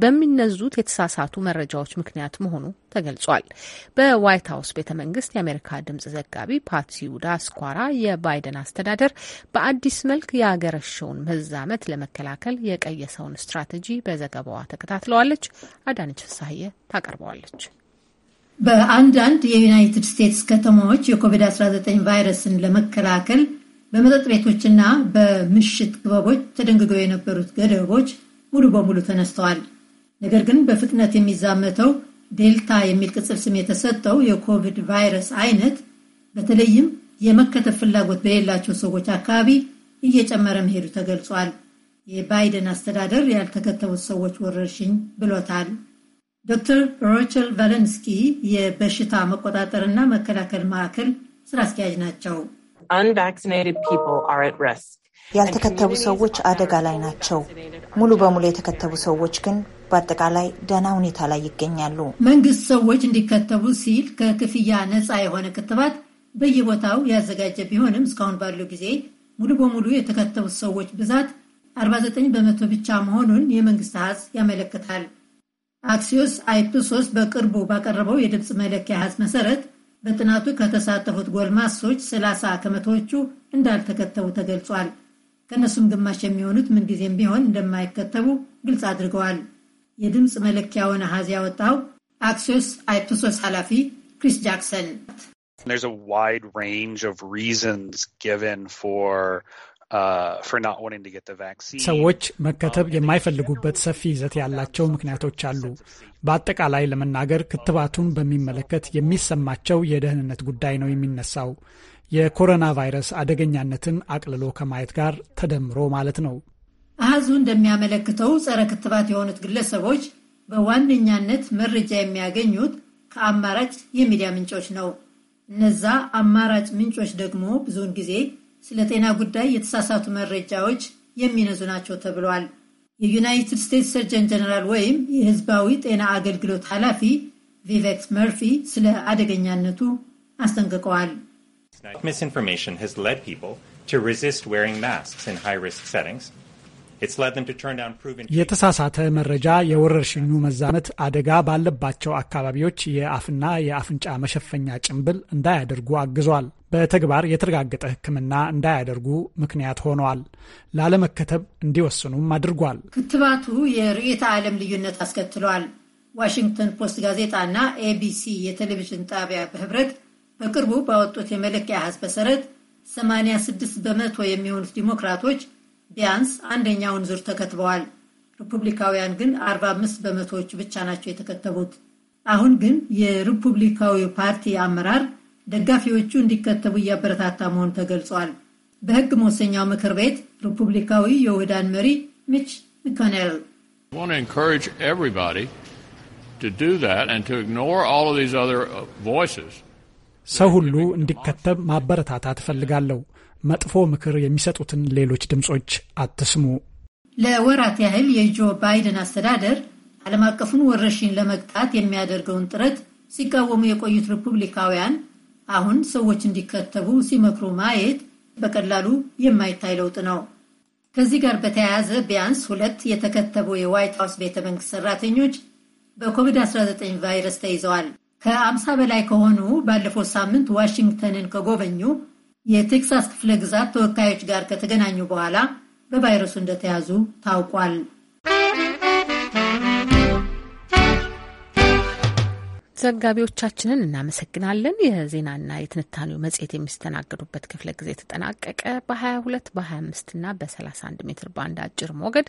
በሚነዙት የተሳሳቱ መረጃዎች ምክንያት መሆኑ ተገልጿል። በዋይት ሀውስ ቤተ መንግስት የአሜሪካ ድምጽ ዘጋቢ ፓትሲዩዳ ስኳራ የባይደን አስተዳደር በአዲስ መልክ የአገረሸውን መዛመት ለመከላከል የቀየሰውን ስትራቴጂ በዘገባዋ ተከታትለዋለች። አዳነች ፍሳሀየ ታቀርበዋለች። በአንዳንድ የዩናይትድ ስቴትስ ከተማዎች የኮቪድ-19 ቫይረስን ለመከላከል በመጠጥ ቤቶችና በምሽት ክበቦች ተደንግገው የነበሩት ገደቦች ሙሉ በሙሉ ተነስተዋል። ነገር ግን በፍጥነት የሚዛመተው ዴልታ የሚል ቅጽል ስም የተሰጠው የኮቪድ ቫይረስ አይነት በተለይም የመከተብ ፍላጎት በሌላቸው ሰዎች አካባቢ እየጨመረ መሄዱ ተገልጿል። የባይደን አስተዳደር ያልተከተቡት ሰዎች ወረርሽኝ ብሎታል። ዶክተር ሮቸል ቫለንስኪ የበሽታ መቆጣጠርና መከላከል ማዕከል ስራ አስኪያጅ ናቸው። ያልተከተቡ ሰዎች አደጋ ላይ ናቸው። ሙሉ በሙሉ የተከተቡ ሰዎች ግን በአጠቃላይ ደህና ሁኔታ ላይ ይገኛሉ። መንግስት ሰዎች እንዲከተቡ ሲል ከክፍያ ነፃ የሆነ ክትባት በየቦታው ያዘጋጀ ቢሆንም እስካሁን ባለው ጊዜ ሙሉ በሙሉ የተከተቡት ሰዎች ብዛት 49 በመቶ ብቻ መሆኑን የመንግስት አሃዝ ያመለክታል። አክሲዮስ አይፕሶስ በቅርቡ ባቀረበው የድምፅ መለኪያ አሃዝ መሰረት በጥናቱ ከተሳተፉት ጎልማሶች 30 ከመቶዎቹ እንዳልተከተቡ ተገልጿል። ከእነሱም ግማሽ የሚሆኑት ምንጊዜም ቢሆን እንደማይከተቡ ግልጽ አድርገዋል። የድምፅ መለኪያውን አሃዝ ያወጣው አክሲዮስ አይፕሶስ ኃላፊ ክሪስ ጃክሰን Uh, ሰዎች መከተብ uh, የማይፈልጉበት ሰፊ ይዘት ያላቸው ምክንያቶች አሉ። በአጠቃላይ ለመናገር ክትባቱን በሚመለከት የሚሰማቸው የደህንነት ጉዳይ ነው የሚነሳው፣ የኮሮና ቫይረስ አደገኛነትን አቅልሎ ከማየት ጋር ተደምሮ ማለት ነው። አሃዙ እንደሚያመለክተው ጸረ ክትባት የሆኑት ግለሰቦች በዋነኛነት መረጃ የሚያገኙት ከአማራጭ የሚዲያ ምንጮች ነው። እነዛ አማራጭ ምንጮች ደግሞ ብዙውን ጊዜ ስለ ጤና ጉዳይ የተሳሳቱ መረጃዎች የሚነዙ ናቸው ተብሏል። የዩናይትድ ስቴትስ ሰርጀን ጀነራል ወይም የሕዝባዊ ጤና አገልግሎት ኃላፊ ቪቬክ መርፊ ስለ አደገኛነቱ አስጠንቅቀዋል። ሚስኢንፎርሜሽን ሃዝ ሌድ ፒፕል ቱ ሪዚስት ዌሪንግ ማስክስ ኢን ሃይ ሪስክ ሴቲንግስ የተሳሳተ መረጃ የወረርሽኙ መዛመት አደጋ ባለባቸው አካባቢዎች የአፍና የአፍንጫ መሸፈኛ ጭንብል እንዳያደርጉ አግዟል። በተግባር የተረጋገጠ ሕክምና እንዳያደርጉ ምክንያት ሆነዋል። ላለመከተብ እንዲወስኑም አድርጓል። ክትባቱ የርዕዮተ ዓለም ልዩነት አስከትሏል። ዋሽንግተን ፖስት ጋዜጣ እና ኤቢሲ የቴሌቪዥን ጣቢያ በህብረት በቅርቡ ባወጡት የመለኪያ አሃዝ መሰረት 86 በመቶ የሚሆኑት ዲሞክራቶች ቢያንስ አንደኛውን ዙር ተከትበዋል። ሪፑብሊካውያን ግን 45 በመቶዎቹ ብቻ ናቸው የተከተቡት። አሁን ግን የሪፑብሊካዊ ፓርቲ አመራር ደጋፊዎቹ እንዲከተቡ እያበረታታ መሆኑ ተገልጿል። በሕግ መወሰኛው ምክር ቤት ሪፑብሊካዊ የውህዳን መሪ ሚች ሚኮኔል ሰው ሁሉ እንዲከተብ ማበረታታት እፈልጋለሁ። መጥፎ ምክር የሚሰጡትን ሌሎች ድምፆች አትስሙ። ለወራት ያህል የጆ ባይደን አስተዳደር ዓለም አቀፉን ወረርሽኝ ለመግታት የሚያደርገውን ጥረት ሲቃወሙ የቆዩት ሪፑብሊካውያን አሁን ሰዎች እንዲከተቡ ሲመክሩ ማየት በቀላሉ የማይታይ ለውጥ ነው። ከዚህ ጋር በተያያዘ ቢያንስ ሁለት የተከተቡ የዋይት ሀውስ ቤተ መንግስት ሰራተኞች በኮቪድ-19 ቫይረስ ተይዘዋል። ከአምሳ በላይ ከሆኑ ባለፈው ሳምንት ዋሽንግተንን ከጎበኙ የቴክሳስ ክፍለ ግዛት ተወካዮች ጋር ከተገናኙ በኋላ በቫይረሱ እንደተያዙ ታውቋል። ዘጋቢዎቻችንን እናመሰግናለን። የዜናና የትንታኔው መጽሔት የሚስተናገዱበት ክፍለ ጊዜ ተጠናቀቀ። በ22 በ25 እና በ31 ሜትር ባንድ አጭር ሞገድ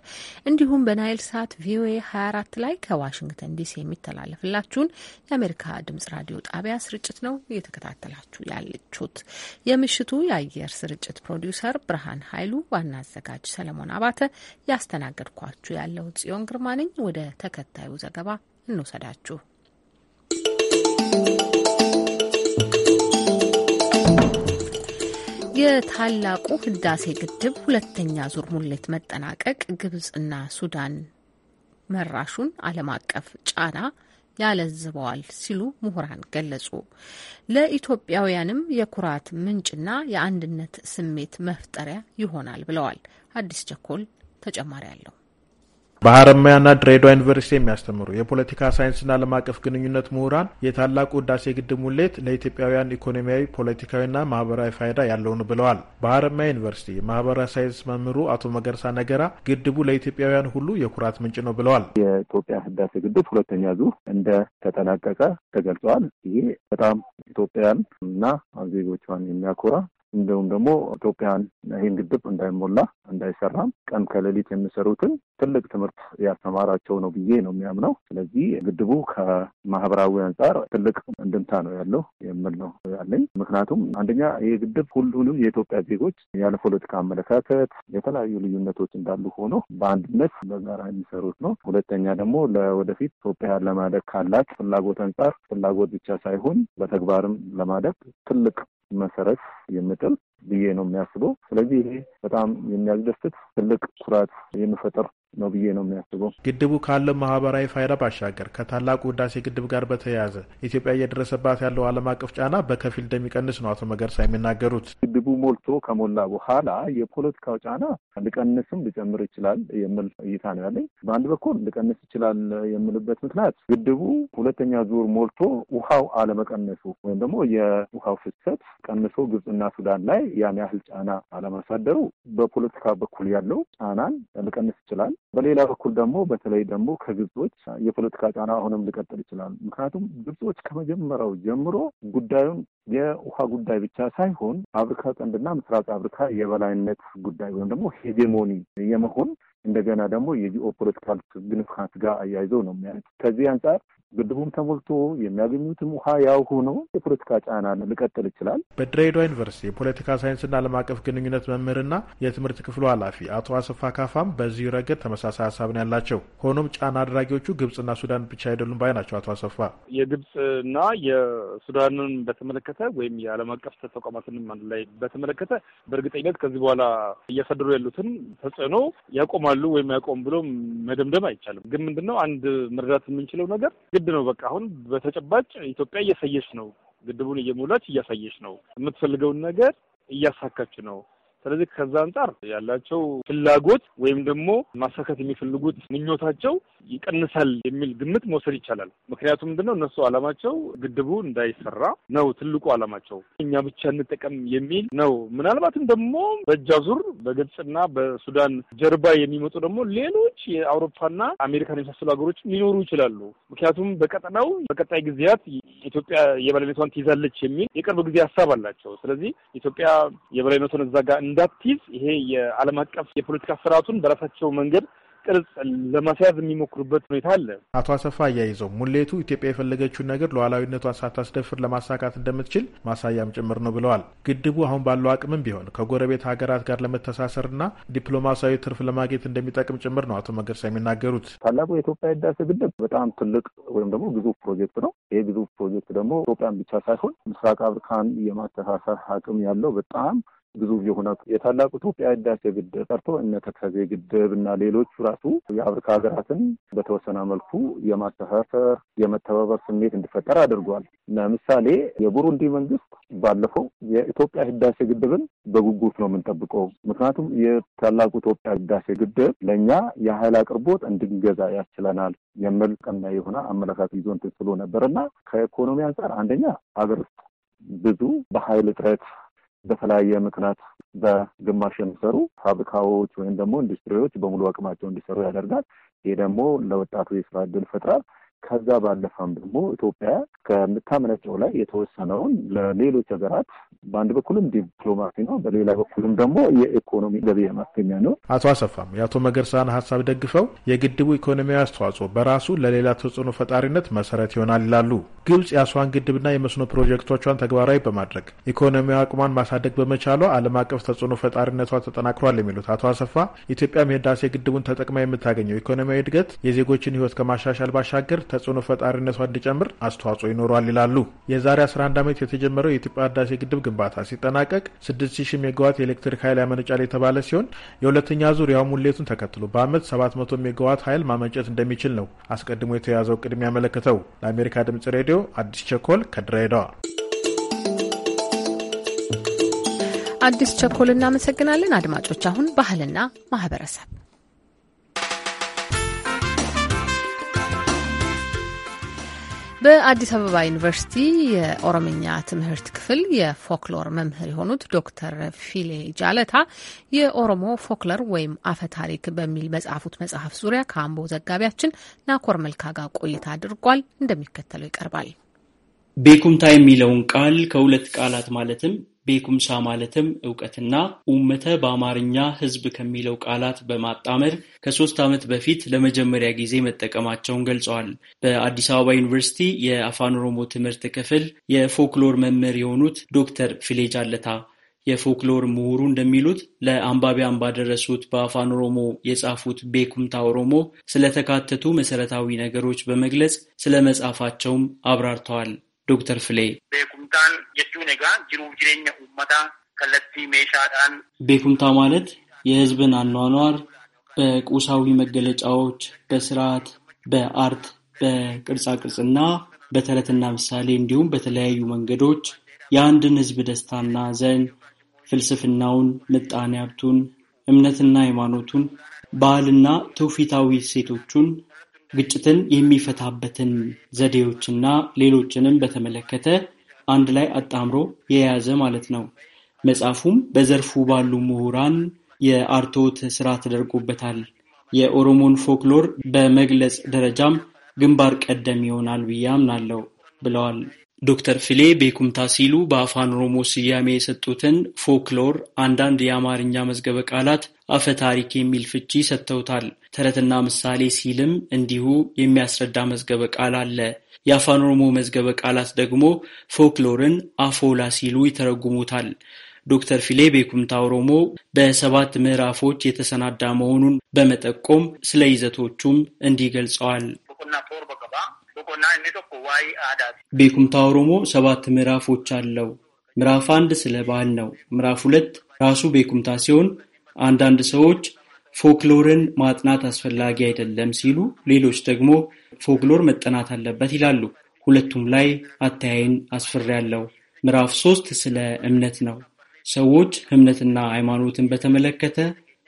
እንዲሁም በናይል ሳት ቪኦኤ 24 ላይ ከዋሽንግተን ዲሲ የሚተላለፍላችሁን የአሜሪካ ድምጽ ራዲዮ ጣቢያ ስርጭት ነው እየተከታተላችሁ ያለችሁት። የምሽቱ የአየር ስርጭት ፕሮዲውሰር ብርሃን ኃይሉ፣ ዋና አዘጋጅ ሰለሞን አባተ፣ ያስተናገድኳችሁ ያለው ጽዮን ግርማ ነኝ። ወደ ተከታዩ ዘገባ እንውሰዳችሁ። የታላቁ ህዳሴ ግድብ ሁለተኛ ዙር ሙሌት መጠናቀቅ ግብጽና ሱዳን መራሹን ዓለም አቀፍ ጫና ያለዝበዋል ሲሉ ምሁራን ገለጹ። ለኢትዮጵያውያንም የኩራት ምንጭና የአንድነት ስሜት መፍጠሪያ ይሆናል ብለዋል። አዲስ ቸኮል ተጨማሪ አለው። በሀረማያና ድሬዳዋ ዩኒቨርሲቲ የሚያስተምሩ የፖለቲካ ሳይንስና ዓለም አቀፍ ግንኙነት ምሁራን የታላቁ ህዳሴ ግድብ ሙሌት ለኢትዮጵያውያን ኢኮኖሚያዊ፣ ፖለቲካዊና ማህበራዊ ፋይዳ ያለው ነው ብለዋል። በሀረማያ ዩኒቨርሲቲ የማህበራዊ ሳይንስ መምህሩ አቶ መገርሳ ነገራ ግድቡ ለኢትዮጵያውያን ሁሉ የኩራት ምንጭ ነው ብለዋል። የኢትዮጵያ ህዳሴ ግድብ ሁለተኛ ዙር እንደ ተጠናቀቀ ተገልጸዋል። ይሄ በጣም ኢትዮጵያን እና ዜጎቿን የሚያኮራ እንዲሁም ደግሞ ኢትዮጵያን ይህን ግድብ እንዳይሞላ እንዳይሰራም ቀን ከሌሊት የሚሰሩትን ትልቅ ትምህርት ያስተማራቸው ነው ብዬ ነው የሚያምነው። ስለዚህ ግድቡ ከማህበራዊ አንጻር ትልቅ እንድምታ ነው ያለው የምል ነው ያለኝ። ምክንያቱም አንደኛ ይህ ግድብ ሁሉንም የኢትዮጵያ ዜጎች ያለ ፖለቲካ አመለካከት፣ የተለያዩ ልዩነቶች እንዳሉ ሆኖ በአንድነት በጋራ የሚሰሩት ነው። ሁለተኛ ደግሞ ለወደፊት ኢትዮጵያ ለማደግ ካላት ፍላጎት አንጻር ፍላጎት ብቻ ሳይሆን በተግባርም ለማደግ ትልቅ መሰረት የምጥል ብዬ ነው የሚያስበው። ስለዚህ ይሄ በጣም የሚያስደስት ትልቅ ኩራት የሚፈጥር ነው ብዬ ነው የሚያስበው። ግድቡ ካለው ማህበራዊ ፋይዳ ባሻገር ከታላቁ ህዳሴ ግድብ ጋር በተያያዘ ኢትዮጵያ እየደረሰባት ያለው ዓለም አቀፍ ጫና በከፊል እንደሚቀንስ ነው አቶ መገርሳ የሚናገሩት። ግድቡ ሞልቶ ከሞላ በኋላ የፖለቲካው ጫና ሊቀንስም ሊጨምር ይችላል የሚል እይታ ነው ያለኝ። በአንድ በኩል ሊቀንስ ይችላል የምልበት ምክንያት ግድቡ ሁለተኛ ዙር ሞልቶ ውሃው አለመቀነሱ ወይም ደግሞ የውሃው ፍሰት ቀንሶ ግብፅና ሱዳን ላይ ያን ያህል ጫና አለማሳደሩ በፖለቲካ በኩል ያለው ጫናን ሊቀንስ ይችላል። በሌላ በኩል ደግሞ በተለይ ደግሞ ከግብጾች የፖለቲካ ጫና አሁንም ሊቀጥል ይችላል። ምክንያቱም ግብጾች ከመጀመሪያው ጀምሮ ጉዳዩን የውሃ ጉዳይ ብቻ ሳይሆን አፍሪካ ቀንድና ምስራቅ አፍሪካ የበላይነት ጉዳይ ወይም ደግሞ ሄጀሞኒ የመሆን እንደገና ደግሞ የጂኦ ፖለቲካል ግንፍካንስ ጋር አያይዘው ነው የሚያዩት። ከዚህ አንጻር ግድቡም ተሞልቶ የሚያገኙትም ውሃ ያው ሆኖ የፖለቲካ ጫና ሊቀጥል ይችላል። በድሬዳዋ ዩኒቨርሲቲ የፖለቲካ ሳይንስና ዓለም አቀፍ ግንኙነት መምህርና የትምህርት ክፍሉ ኃላፊ አቶ አሰፋ ካፋም በዚህ ረገድ ተመሳሳይ ሀሳብ ነው ያላቸው። ሆኖም ጫና አድራጊዎቹ ግብጽና ሱዳን ብቻ አይደሉም ባይ ናቸው። አቶ አሰፋ የግብጽና የሱዳንን በተመለከተ ወይም የዓለም አቀፍ ተቋማትንም አንድ ላይ በተመለከተ በእርግጠኝነት ከዚህ በኋላ እያሳደሩ ያሉትን ተጽዕኖ ያቆማል ያቆማሉ ወይም ያቆም ብሎ መደምደም አይቻልም። ግን ምንድነው አንድ መረዳት የምንችለው ነገር ግድ ነው። በቃ አሁን በተጨባጭ ኢትዮጵያ እያሳየች ነው፣ ግድቡን እየሞላች እያሳየች ነው፣ የምትፈልገውን ነገር እያሳካች ነው። ስለዚህ ከዛ አንጻር ያላቸው ፍላጎት ወይም ደግሞ ማሳካት የሚፈልጉት ምኞታቸው ይቀንሳል የሚል ግምት መውሰድ ይቻላል። ምክንያቱም ምንድነው እነሱ አላማቸው ግድቡ እንዳይሰራ ነው ትልቁ አላማቸው፣ እኛ ብቻ እንጠቀም የሚል ነው። ምናልባትም ደግሞ በእጅ ዙር በግብፅና በሱዳን ጀርባ የሚመጡ ደግሞ ሌሎች የአውሮፓና አሜሪካን የመሳሰሉ ሀገሮች ሊኖሩ ይችላሉ። ምክንያቱም በቀጠናው በቀጣይ ጊዜያት ኢትዮጵያ የበላይነቷን ትይዛለች የሚል የቅርብ ጊዜ ሀሳብ አላቸው። ስለዚህ ኢትዮጵያ የበላይነቷን እዛ ጋር እንዳትይዝ ይሄ የዓለም አቀፍ የፖለቲካ ስርዓቱን በራሳቸው መንገድ ቅርጽ ለማስያዝ የሚሞክሩበት ሁኔታ አለ። አቶ አሰፋ አያይዘው ሙሌቱ ኢትዮጵያ የፈለገችውን ነገር ሉዓላዊነቷን ሳታስደፍር ለማሳካት እንደምትችል ማሳያም ጭምር ነው ብለዋል። ግድቡ አሁን ባለው አቅምም ቢሆን ከጎረቤት ሀገራት ጋር ለመተሳሰርና ዲፕሎማሲያዊ ትርፍ ለማግኘት እንደሚጠቅም ጭምር ነው አቶ መገርሳ የሚናገሩት። ታላቁ የኢትዮጵያ ህዳሴ ግድብ በጣም ትልቅ ወይም ደግሞ ግዙፍ ፕሮጀክት ነው። ይህ ግዙፍ ፕሮጀክት ደግሞ ኢትዮጵያን ብቻ ሳይሆን ምስራቅ አፍሪካን የማተሳሰር አቅም ያለው በጣም ግዙፍ የሆነ የታላቁ ኢትዮጵያ ህዳሴ ግድብ ቀርቶ እነ ተከዜ ግድብ እና ሌሎቹ ራሱ የአፍሪካ ሀገራትን በተወሰነ መልኩ የማስተሳሰር የመተባበር ስሜት እንዲፈጠር አድርጓል። ለምሳሌ የቡሩንዲ መንግስት ባለፈው የኢትዮጵያ ህዳሴ ግድብን በጉጉት ነው የምንጠብቀው። ምክንያቱም የታላቁ ኢትዮጵያ ህዳሴ ግድብ ለእኛ የሀይል አቅርቦት እንድንገዛ ያስችለናል የሚል ቀና የሆነ አመለካከት ይዞ እንትን ስሎ ነበር እና ከኢኮኖሚ አንጻር አንደኛ ሀገር ውስጥ ብዙ በሀይል እጥረት በተለያየ ምክንያት በግማሽ የሚሰሩ ፋብሪካዎች ወይም ደግሞ ኢንዱስትሪዎች በሙሉ አቅማቸው እንዲሰሩ ያደርጋል። ይህ ደግሞ ለወጣቱ የስራ እድል ፈጥራል። ከዛ ባለፈም ደግሞ ኢትዮጵያ ከምታመነጨው ላይ የተወሰነውን ለሌሎች ሀገራት በአንድ በኩልም ዲፕሎማሲ ነው፣ በሌላ በኩልም ደግሞ የኢኮኖሚ ገቢ ማስገኛ ነው። አቶ አሰፋም የአቶ መገርሳን ሀሳብ ደግፈው የግድቡ ኢኮኖሚያዊ አስተዋጽኦ በራሱ ለሌላ ተጽዕኖ ፈጣሪነት መሰረት ይሆናል ይላሉ። ግብጽ የአስዋን ግድብና የመስኖ ፕሮጀክቶቿን ተግባራዊ በማድረግ ኢኮኖሚያዊ አቅሟን ማሳደግ በመቻሏ ዓለም አቀፍ ተጽዕኖ ፈጣሪነቷ ተጠናክሯል የሚሉት አቶ አሰፋ ኢትዮጵያም የህዳሴ ግድቡን ተጠቅማ የምታገኘው ኢኮኖሚያዊ እድገት የዜጎችን ህይወት ከማሻሻል ባሻገር ተጽዕኖ ፈጣሪነቷ እንዲጨምር አስተዋጽኦ ይኖረዋል ይላሉ። የዛሬ 11 ዓመት የተጀመረው የኢትዮጵያ ህዳሴ ግድብ ግንባታ ሲጠናቀቅ 6000 ሜጋዋት የኤሌክትሪክ ኃይል ያመነጫል የተባለ ሲሆን የሁለተኛ ዙር ያው ሙሌቱን ተከትሎ በአመት 700 ሜጋዋት ኃይል ማመንጨት እንደሚችል ነው አስቀድሞ የተያዘው ቅድም ያመለከተው። ለአሜሪካ ድምጽ ሬዲዮ አዲስ ቸኮል ከድሬዳዋ። አዲስ ቸኮል እናመሰግናለን። አድማጮች፣ አሁን ባህልና ማህበረሰብ በአዲስ አበባ ዩኒቨርሲቲ የኦሮምኛ ትምህርት ክፍል የፎክሎር መምህር የሆኑት ዶክተር ፊሌ ጃለታ የኦሮሞ ፎክለር ወይም አፈ ታሪክ በሚል በጻፉት መጽሐፍ ዙሪያ ከአምቦ ዘጋቢያችን ናኮር መልካ ጋር ቆይታ አድርጓል። እንደሚከተለው ይቀርባል። ቤኩምታ የሚለውን ቃል ከሁለት ቃላት ማለትም ቤኩምሳ ማለትም እውቀትና ኡመተ በአማርኛ ህዝብ ከሚለው ቃላት በማጣመር ከሶስት ዓመት በፊት ለመጀመሪያ ጊዜ መጠቀማቸውን ገልጸዋል። በአዲስ አበባ ዩኒቨርሲቲ የአፋን ኦሮሞ ትምህርት ክፍል የፎክሎር መምህር የሆኑት ዶክተር ፊሌጅ አለታ የፎክሎር ምሁሩ እንደሚሉት ለአንባቢያን ባደረሱት በአፋን ኦሮሞ የጻፉት ቤኩምታ ኦሮሞ ስለተካተቱ መሰረታዊ ነገሮች በመግለጽ ስለ መጻፋቸውም አብራርተዋል። ዶክተር ፍሌ ቤኩምታን ጀቹን ጋ ጅሩፍ ጅሬኛ ኡመታ ከለቲ ሜሻዳን ቤኩምታ ማለት የህዝብን አኗኗር በቁሳዊ መገለጫዎች፣ በስርዓት፣ በአርት፣ በቅርጻቅርጽና በተረትና ምሳሌ እንዲሁም በተለያዩ መንገዶች የአንድን ህዝብ ደስታና ዘን ፍልስፍናውን፣ ምጣኔ ሀብቱን፣ እምነትና ሃይማኖቱን፣ ባህልና ትውፊታዊ ሴቶቹን ግጭትን የሚፈታበትን ዘዴዎችና ሌሎችንም በተመለከተ አንድ ላይ አጣምሮ የያዘ ማለት ነው። መጽሐፉም በዘርፉ ባሉ ምሁራን የአርቶት ስራ ተደርጎበታል። የኦሮሞን ፎክሎር በመግለጽ ደረጃም ግንባር ቀደም ይሆናል ብዬ አምናለሁ ብለዋል። ዶክተር ፊሌ ቤኩምታ ሲሉ በአፋን ኦሮሞ ስያሜ የሰጡትን ፎክሎር አንዳንድ የአማርኛ መዝገበ ቃላት አፈ ታሪክ የሚል ፍቺ ሰጥተውታል። ተረትና ምሳሌ ሲልም እንዲሁ የሚያስረዳ መዝገበ ቃል አለ። የአፋን ኦሮሞ መዝገበ ቃላት ደግሞ ፎክሎርን አፎላ ሲሉ ይተረጉሙታል። ዶክተር ፊሌ ቤኩምታ ኦሮሞ በሰባት ምዕራፎች የተሰናዳ መሆኑን በመጠቆም ስለ ይዘቶቹም እንዲህ ገልጸዋል። ቤኩምታ ኦሮሞ ሰባት ምዕራፎች አለው። ምዕራፍ አንድ ስለ ባህል ነው። ምዕራፍ ሁለት ራሱ ቤኩምታ ሲሆን አንዳንድ ሰዎች ፎክሎርን ማጥናት አስፈላጊ አይደለም ሲሉ፣ ሌሎች ደግሞ ፎክሎር መጠናት አለበት ይላሉ። ሁለቱም ላይ አተያይን ያለው። ምዕራፍ ሶስት ስለ እምነት ነው። ሰዎች እምነትና ሃይማኖትን በተመለከተ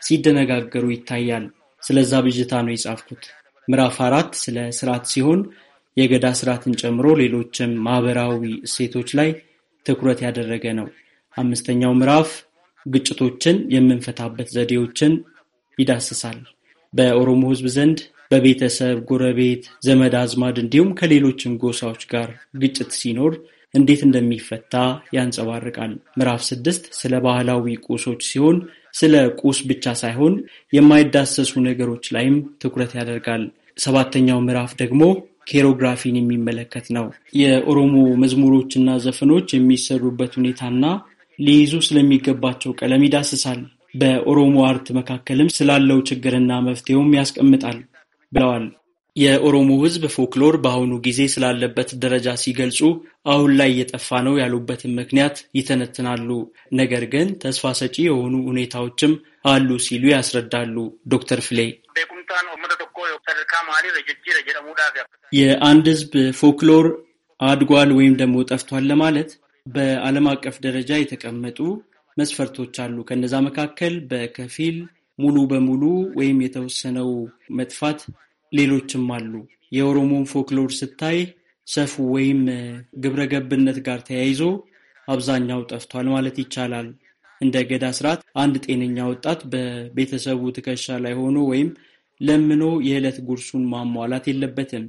ሲደነጋገሩ ይታያል። ስለዛ ብዥታ ነው የጻፍኩት። ምዕራፍ አራት ስለ ስርዓት ሲሆን የገዳ ስርዓትን ጨምሮ ሌሎችም ማህበራዊ እሴቶች ላይ ትኩረት ያደረገ ነው። አምስተኛው ምዕራፍ ግጭቶችን የምንፈታበት ዘዴዎችን ይዳስሳል። በኦሮሞ ህዝብ ዘንድ በቤተሰብ፣ ጎረቤት፣ ዘመድ አዝማድ እንዲሁም ከሌሎችም ጎሳዎች ጋር ግጭት ሲኖር እንዴት እንደሚፈታ ያንጸባርቃል። ምዕራፍ ስድስት ስለ ባህላዊ ቁሶች ሲሆን ስለ ቁስ ብቻ ሳይሆን የማይዳሰሱ ነገሮች ላይም ትኩረት ያደርጋል። ሰባተኛው ምዕራፍ ደግሞ ኬሮግራፊን የሚመለከት ነው። የኦሮሞ መዝሙሮችና ዘፈኖች የሚሰሩበት ሁኔታና ሊይዙ ስለሚገባቸው ቀለም ይዳስሳል። በኦሮሞ አርት መካከልም ስላለው ችግርና መፍትሄውም ያስቀምጣል ብለዋል። የኦሮሞ ሕዝብ ፎክሎር በአሁኑ ጊዜ ስላለበት ደረጃ ሲገልጹ አሁን ላይ እየጠፋ ነው ያሉበትን ምክንያት ይተነትናሉ። ነገር ግን ተስፋ ሰጪ የሆኑ ሁኔታዎችም አሉ ሲሉ ያስረዳሉ ዶክተር ፍሌ። የአንድ ህዝብ ፎክሎር አድጓል ወይም ደግሞ ጠፍቷል ለማለት በዓለም አቀፍ ደረጃ የተቀመጡ መስፈርቶች አሉ። ከነዛ መካከል በከፊል ሙሉ በሙሉ ወይም የተወሰነው መጥፋት ሌሎችም አሉ። የኦሮሞን ፎክሎር ስታይ ሰፉ ወይም ግብረ ገብነት ጋር ተያይዞ አብዛኛው ጠፍቷል ማለት ይቻላል። እንደ ገዳ ስርዓት አንድ ጤነኛ ወጣት በቤተሰቡ ትከሻ ላይ ሆኖ ወይም ለምኖ የዕለት ጉርሱን ማሟላት የለበትም።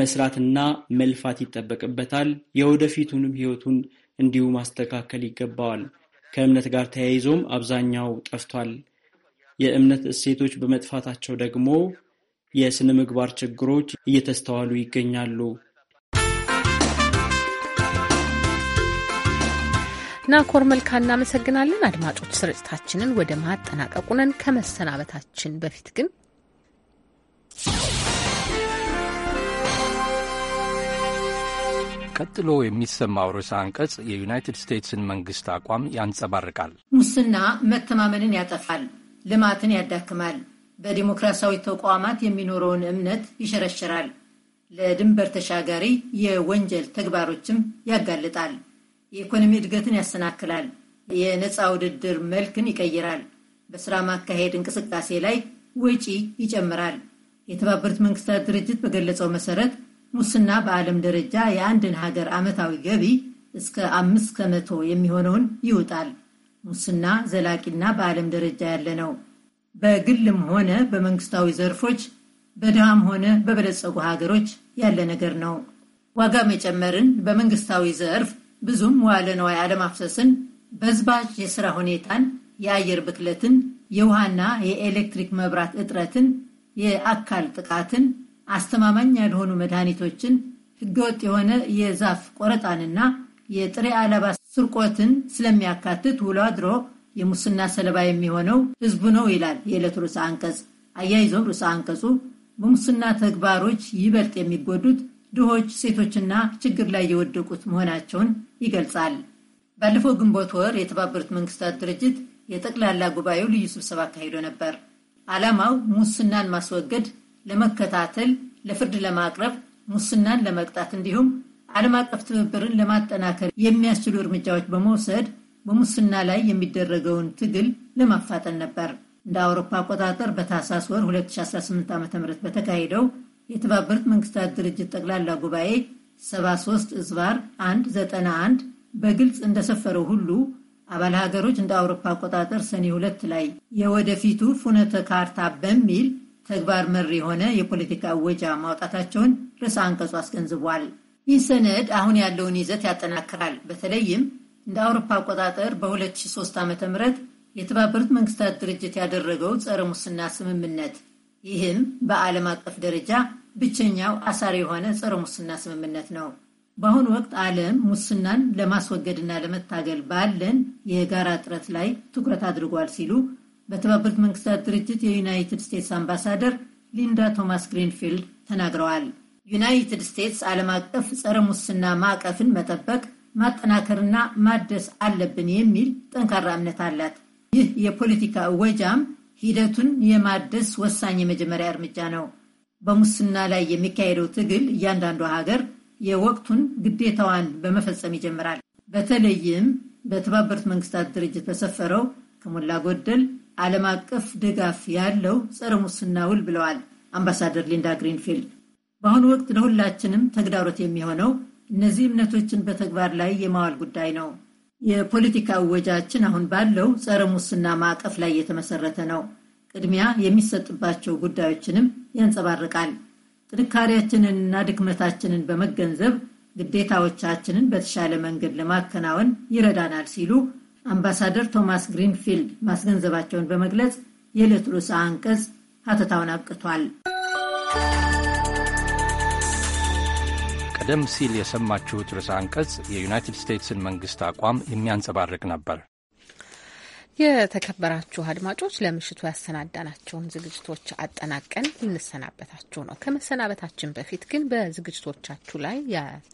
መስራትና መልፋት ይጠበቅበታል። የወደፊቱንም ህይወቱን እንዲሁ ማስተካከል ይገባዋል። ከእምነት ጋር ተያይዞም አብዛኛው ጠፍቷል። የእምነት እሴቶች በመጥፋታቸው ደግሞ የስነ ምግባር ችግሮች እየተስተዋሉ ይገኛሉ። ናኮር መልካ እናመሰግናለን። አድማጮች ስርጭታችንን ወደ ማጠናቀቁ ነን። ከመሰናበታችን በፊት ግን ቀጥሎ የሚሰማው ርዕሰ አንቀጽ የዩናይትድ ስቴትስን መንግስት አቋም ያንጸባርቃል። ሙስና መተማመንን ያጠፋል፣ ልማትን ያዳክማል፣ በዲሞክራሲያዊ ተቋማት የሚኖረውን እምነት ይሸረሽራል፣ ለድንበር ተሻጋሪ የወንጀል ተግባሮችም ያጋልጣል። የኢኮኖሚ እድገትን ያሰናክላል፣ የነፃ ውድድር መልክን ይቀይራል፣ በስራ ማካሄድ እንቅስቃሴ ላይ ወጪ ይጨምራል። የተባበሩት መንግስታት ድርጅት በገለጸው መሰረት ሙስና በዓለም ደረጃ የአንድን ሀገር ዓመታዊ ገቢ እስከ አምስት ከመቶ የሚሆነውን ይውጣል። ሙስና ዘላቂና በዓለም ደረጃ ያለ ነው። በግልም ሆነ በመንግስታዊ ዘርፎች በድሃም ሆነ በበለጸጉ ሀገሮች ያለ ነገር ነው። ዋጋ መጨመርን በመንግስታዊ ዘርፍ ብዙም መዋለ ነዋይ አለማፍሰስን፣ በዝባጅ የሥራ ሁኔታን፣ የአየር ብክለትን፣ የውሃና የኤሌክትሪክ መብራት እጥረትን፣ የአካል ጥቃትን፣ አስተማማኝ ያልሆኑ መድኃኒቶችን፣ ሕገወጥ የሆነ የዛፍ ቆረጣንና የጥሬ አለባ ስርቆትን ስለሚያካትት ውሎ አድሮ የሙስና ሰለባ የሚሆነው ህዝቡ ነው ይላል የዕለቱ ርዕሰ አንቀጽ። አያይዘው ርዕሰ አንቀጹ በሙስና ተግባሮች ይበልጥ የሚጎዱት ድሆች፣ ሴቶችና ችግር ላይ የወደቁት መሆናቸውን ይገልጻል። ባለፈው ግንቦት ወር የተባበሩት መንግስታት ድርጅት የጠቅላላ ጉባኤው ልዩ ስብሰባ አካሂዶ ነበር። ዓላማው ሙስናን ማስወገድ፣ ለመከታተል፣ ለፍርድ ለማቅረብ፣ ሙስናን ለመቅጣት እንዲሁም ዓለም አቀፍ ትብብርን ለማጠናከር የሚያስችሉ እርምጃዎች በመውሰድ በሙስና ላይ የሚደረገውን ትግል ለማፋጠን ነበር። እንደ አውሮፓ አቆጣጠር በታህሳስ ወር 2018 ዓ.ም በተካሄደው የተባበሩት መንግስታት ድርጅት ጠቅላላ ጉባኤ 73 እዝባር 191 በግልጽ እንደሰፈረው ሁሉ አባል ሀገሮች እንደ አውሮፓ አቆጣጠር ሰኔ ሁለት ላይ የወደፊቱ ፉነተ ካርታ በሚል ተግባር መር የሆነ የፖለቲካ እወጃ ማውጣታቸውን ርዕሰ አንቀጹ አስገንዝቧል። ይህ ሰነድ አሁን ያለውን ይዘት ያጠናክራል። በተለይም እንደ አውሮፓ አቆጣጠር በ2003 ዓ ም የተባበሩት መንግስታት ድርጅት ያደረገው ጸረ ሙስና ስምምነት ይህም በዓለም አቀፍ ደረጃ ብቸኛው አሳሪ የሆነ ጸረ ሙስና ስምምነት ነው። በአሁኑ ወቅት ዓለም ሙስናን ለማስወገድና ለመታገል ባለን የጋራ ጥረት ላይ ትኩረት አድርጓል ሲሉ በተባበሩት መንግስታት ድርጅት የዩናይትድ ስቴትስ አምባሳደር ሊንዳ ቶማስ ግሪንፊልድ ተናግረዋል። ዩናይትድ ስቴትስ ዓለም አቀፍ ጸረ ሙስና ማዕቀፍን መጠበቅ ማጠናከርና ማደስ አለብን የሚል ጠንካራ እምነት አላት። ይህ የፖለቲካ እወጃም ሂደቱን የማደስ ወሳኝ የመጀመሪያ እርምጃ ነው። በሙስና ላይ የሚካሄደው ትግል እያንዳንዱ ሀገር የወቅቱን ግዴታዋን በመፈጸም ይጀምራል። በተለይም በተባበሩት መንግስታት ድርጅት በሰፈረው ከሞላ ጎደል ዓለም አቀፍ ድጋፍ ያለው ጸረ ሙስና ውል ብለዋል አምባሳደር ሊንዳ ግሪንፊልድ። በአሁኑ ወቅት ለሁላችንም ተግዳሮት የሚሆነው እነዚህ እምነቶችን በተግባር ላይ የማዋል ጉዳይ ነው። የፖለቲካ እወጃችን አሁን ባለው ጸረ ሙስና ማዕቀፍ ላይ የተመሰረተ ነው። ቅድሚያ የሚሰጥባቸው ጉዳዮችንም ያንጸባርቃል። ጥንካሬያችንንና ድክመታችንን በመገንዘብ ግዴታዎቻችንን በተሻለ መንገድ ለማከናወን ይረዳናል ሲሉ አምባሳደር ቶማስ ግሪንፊልድ ማስገንዘባቸውን በመግለጽ የዕለት ርዕሰ አንቀጽ ሀተታውን አብቅቷል። ቀደም ሲል የሰማችሁት ርዕሰ አንቀጽ የዩናይትድ ስቴትስን መንግስት አቋም የሚያንጸባርቅ ነበር። የተከበራችሁ አድማጮች ለምሽቱ ያሰናዳናቸውን ዝግጅቶች አጠናቀን ልንሰናበታችሁ ነው። ከመሰናበታችን በፊት ግን በዝግጅቶቻችሁ ላይ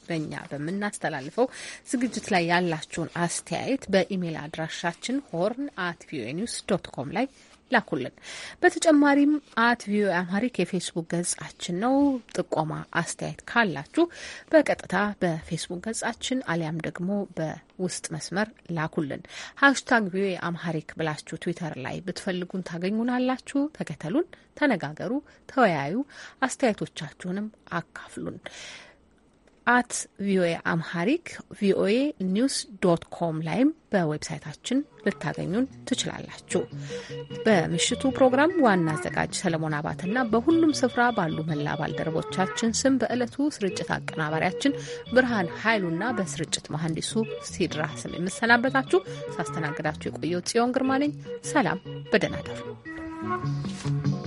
በኛ በምናስተላልፈው ዝግጅት ላይ ያላችሁን አስተያየት በኢሜይል አድራሻችን ሆርን አት ቪኦኤ ኒውስ ዶት ኮም ላይ ላኩልን። በተጨማሪም አት ቪኦ አማሪክ የፌስቡክ ገጻችን ነው። ጥቆማ፣ አስተያየት ካላችሁ በቀጥታ በፌስቡክ ገጻችን አሊያም ደግሞ በውስጥ መስመር ላኩልን። ሀሽታግ ቪኦ አማሪክ ብላችሁ ትዊተር ላይ ብትፈልጉን ታገኙናላችሁ። ተከተሉን፣ ተነጋገሩ፣ ተወያዩ፣ አስተያየቶቻችሁንም አካፍሉን። አት ቪኦኤ አምሃሪክ ቪኦኤ ኒውስ ዶት ኮም ላይም በዌብሳይታችን ልታገኙን ትችላላችሁ። በምሽቱ ፕሮግራም ዋና አዘጋጅ ሰለሞን አባትና በሁሉም ስፍራ ባሉ መላ ባልደረቦቻችን ስም በዕለቱ ስርጭት አቀናባሪያችን ብርሃን ኃይሉና በስርጭት መሐንዲሱ ሲድራ ስም የምሰናበታችሁ ሳስተናግዳችሁ የቆየው ጽዮን ግርማ ነኝ። ሰላም፣ በደህና እደሩ።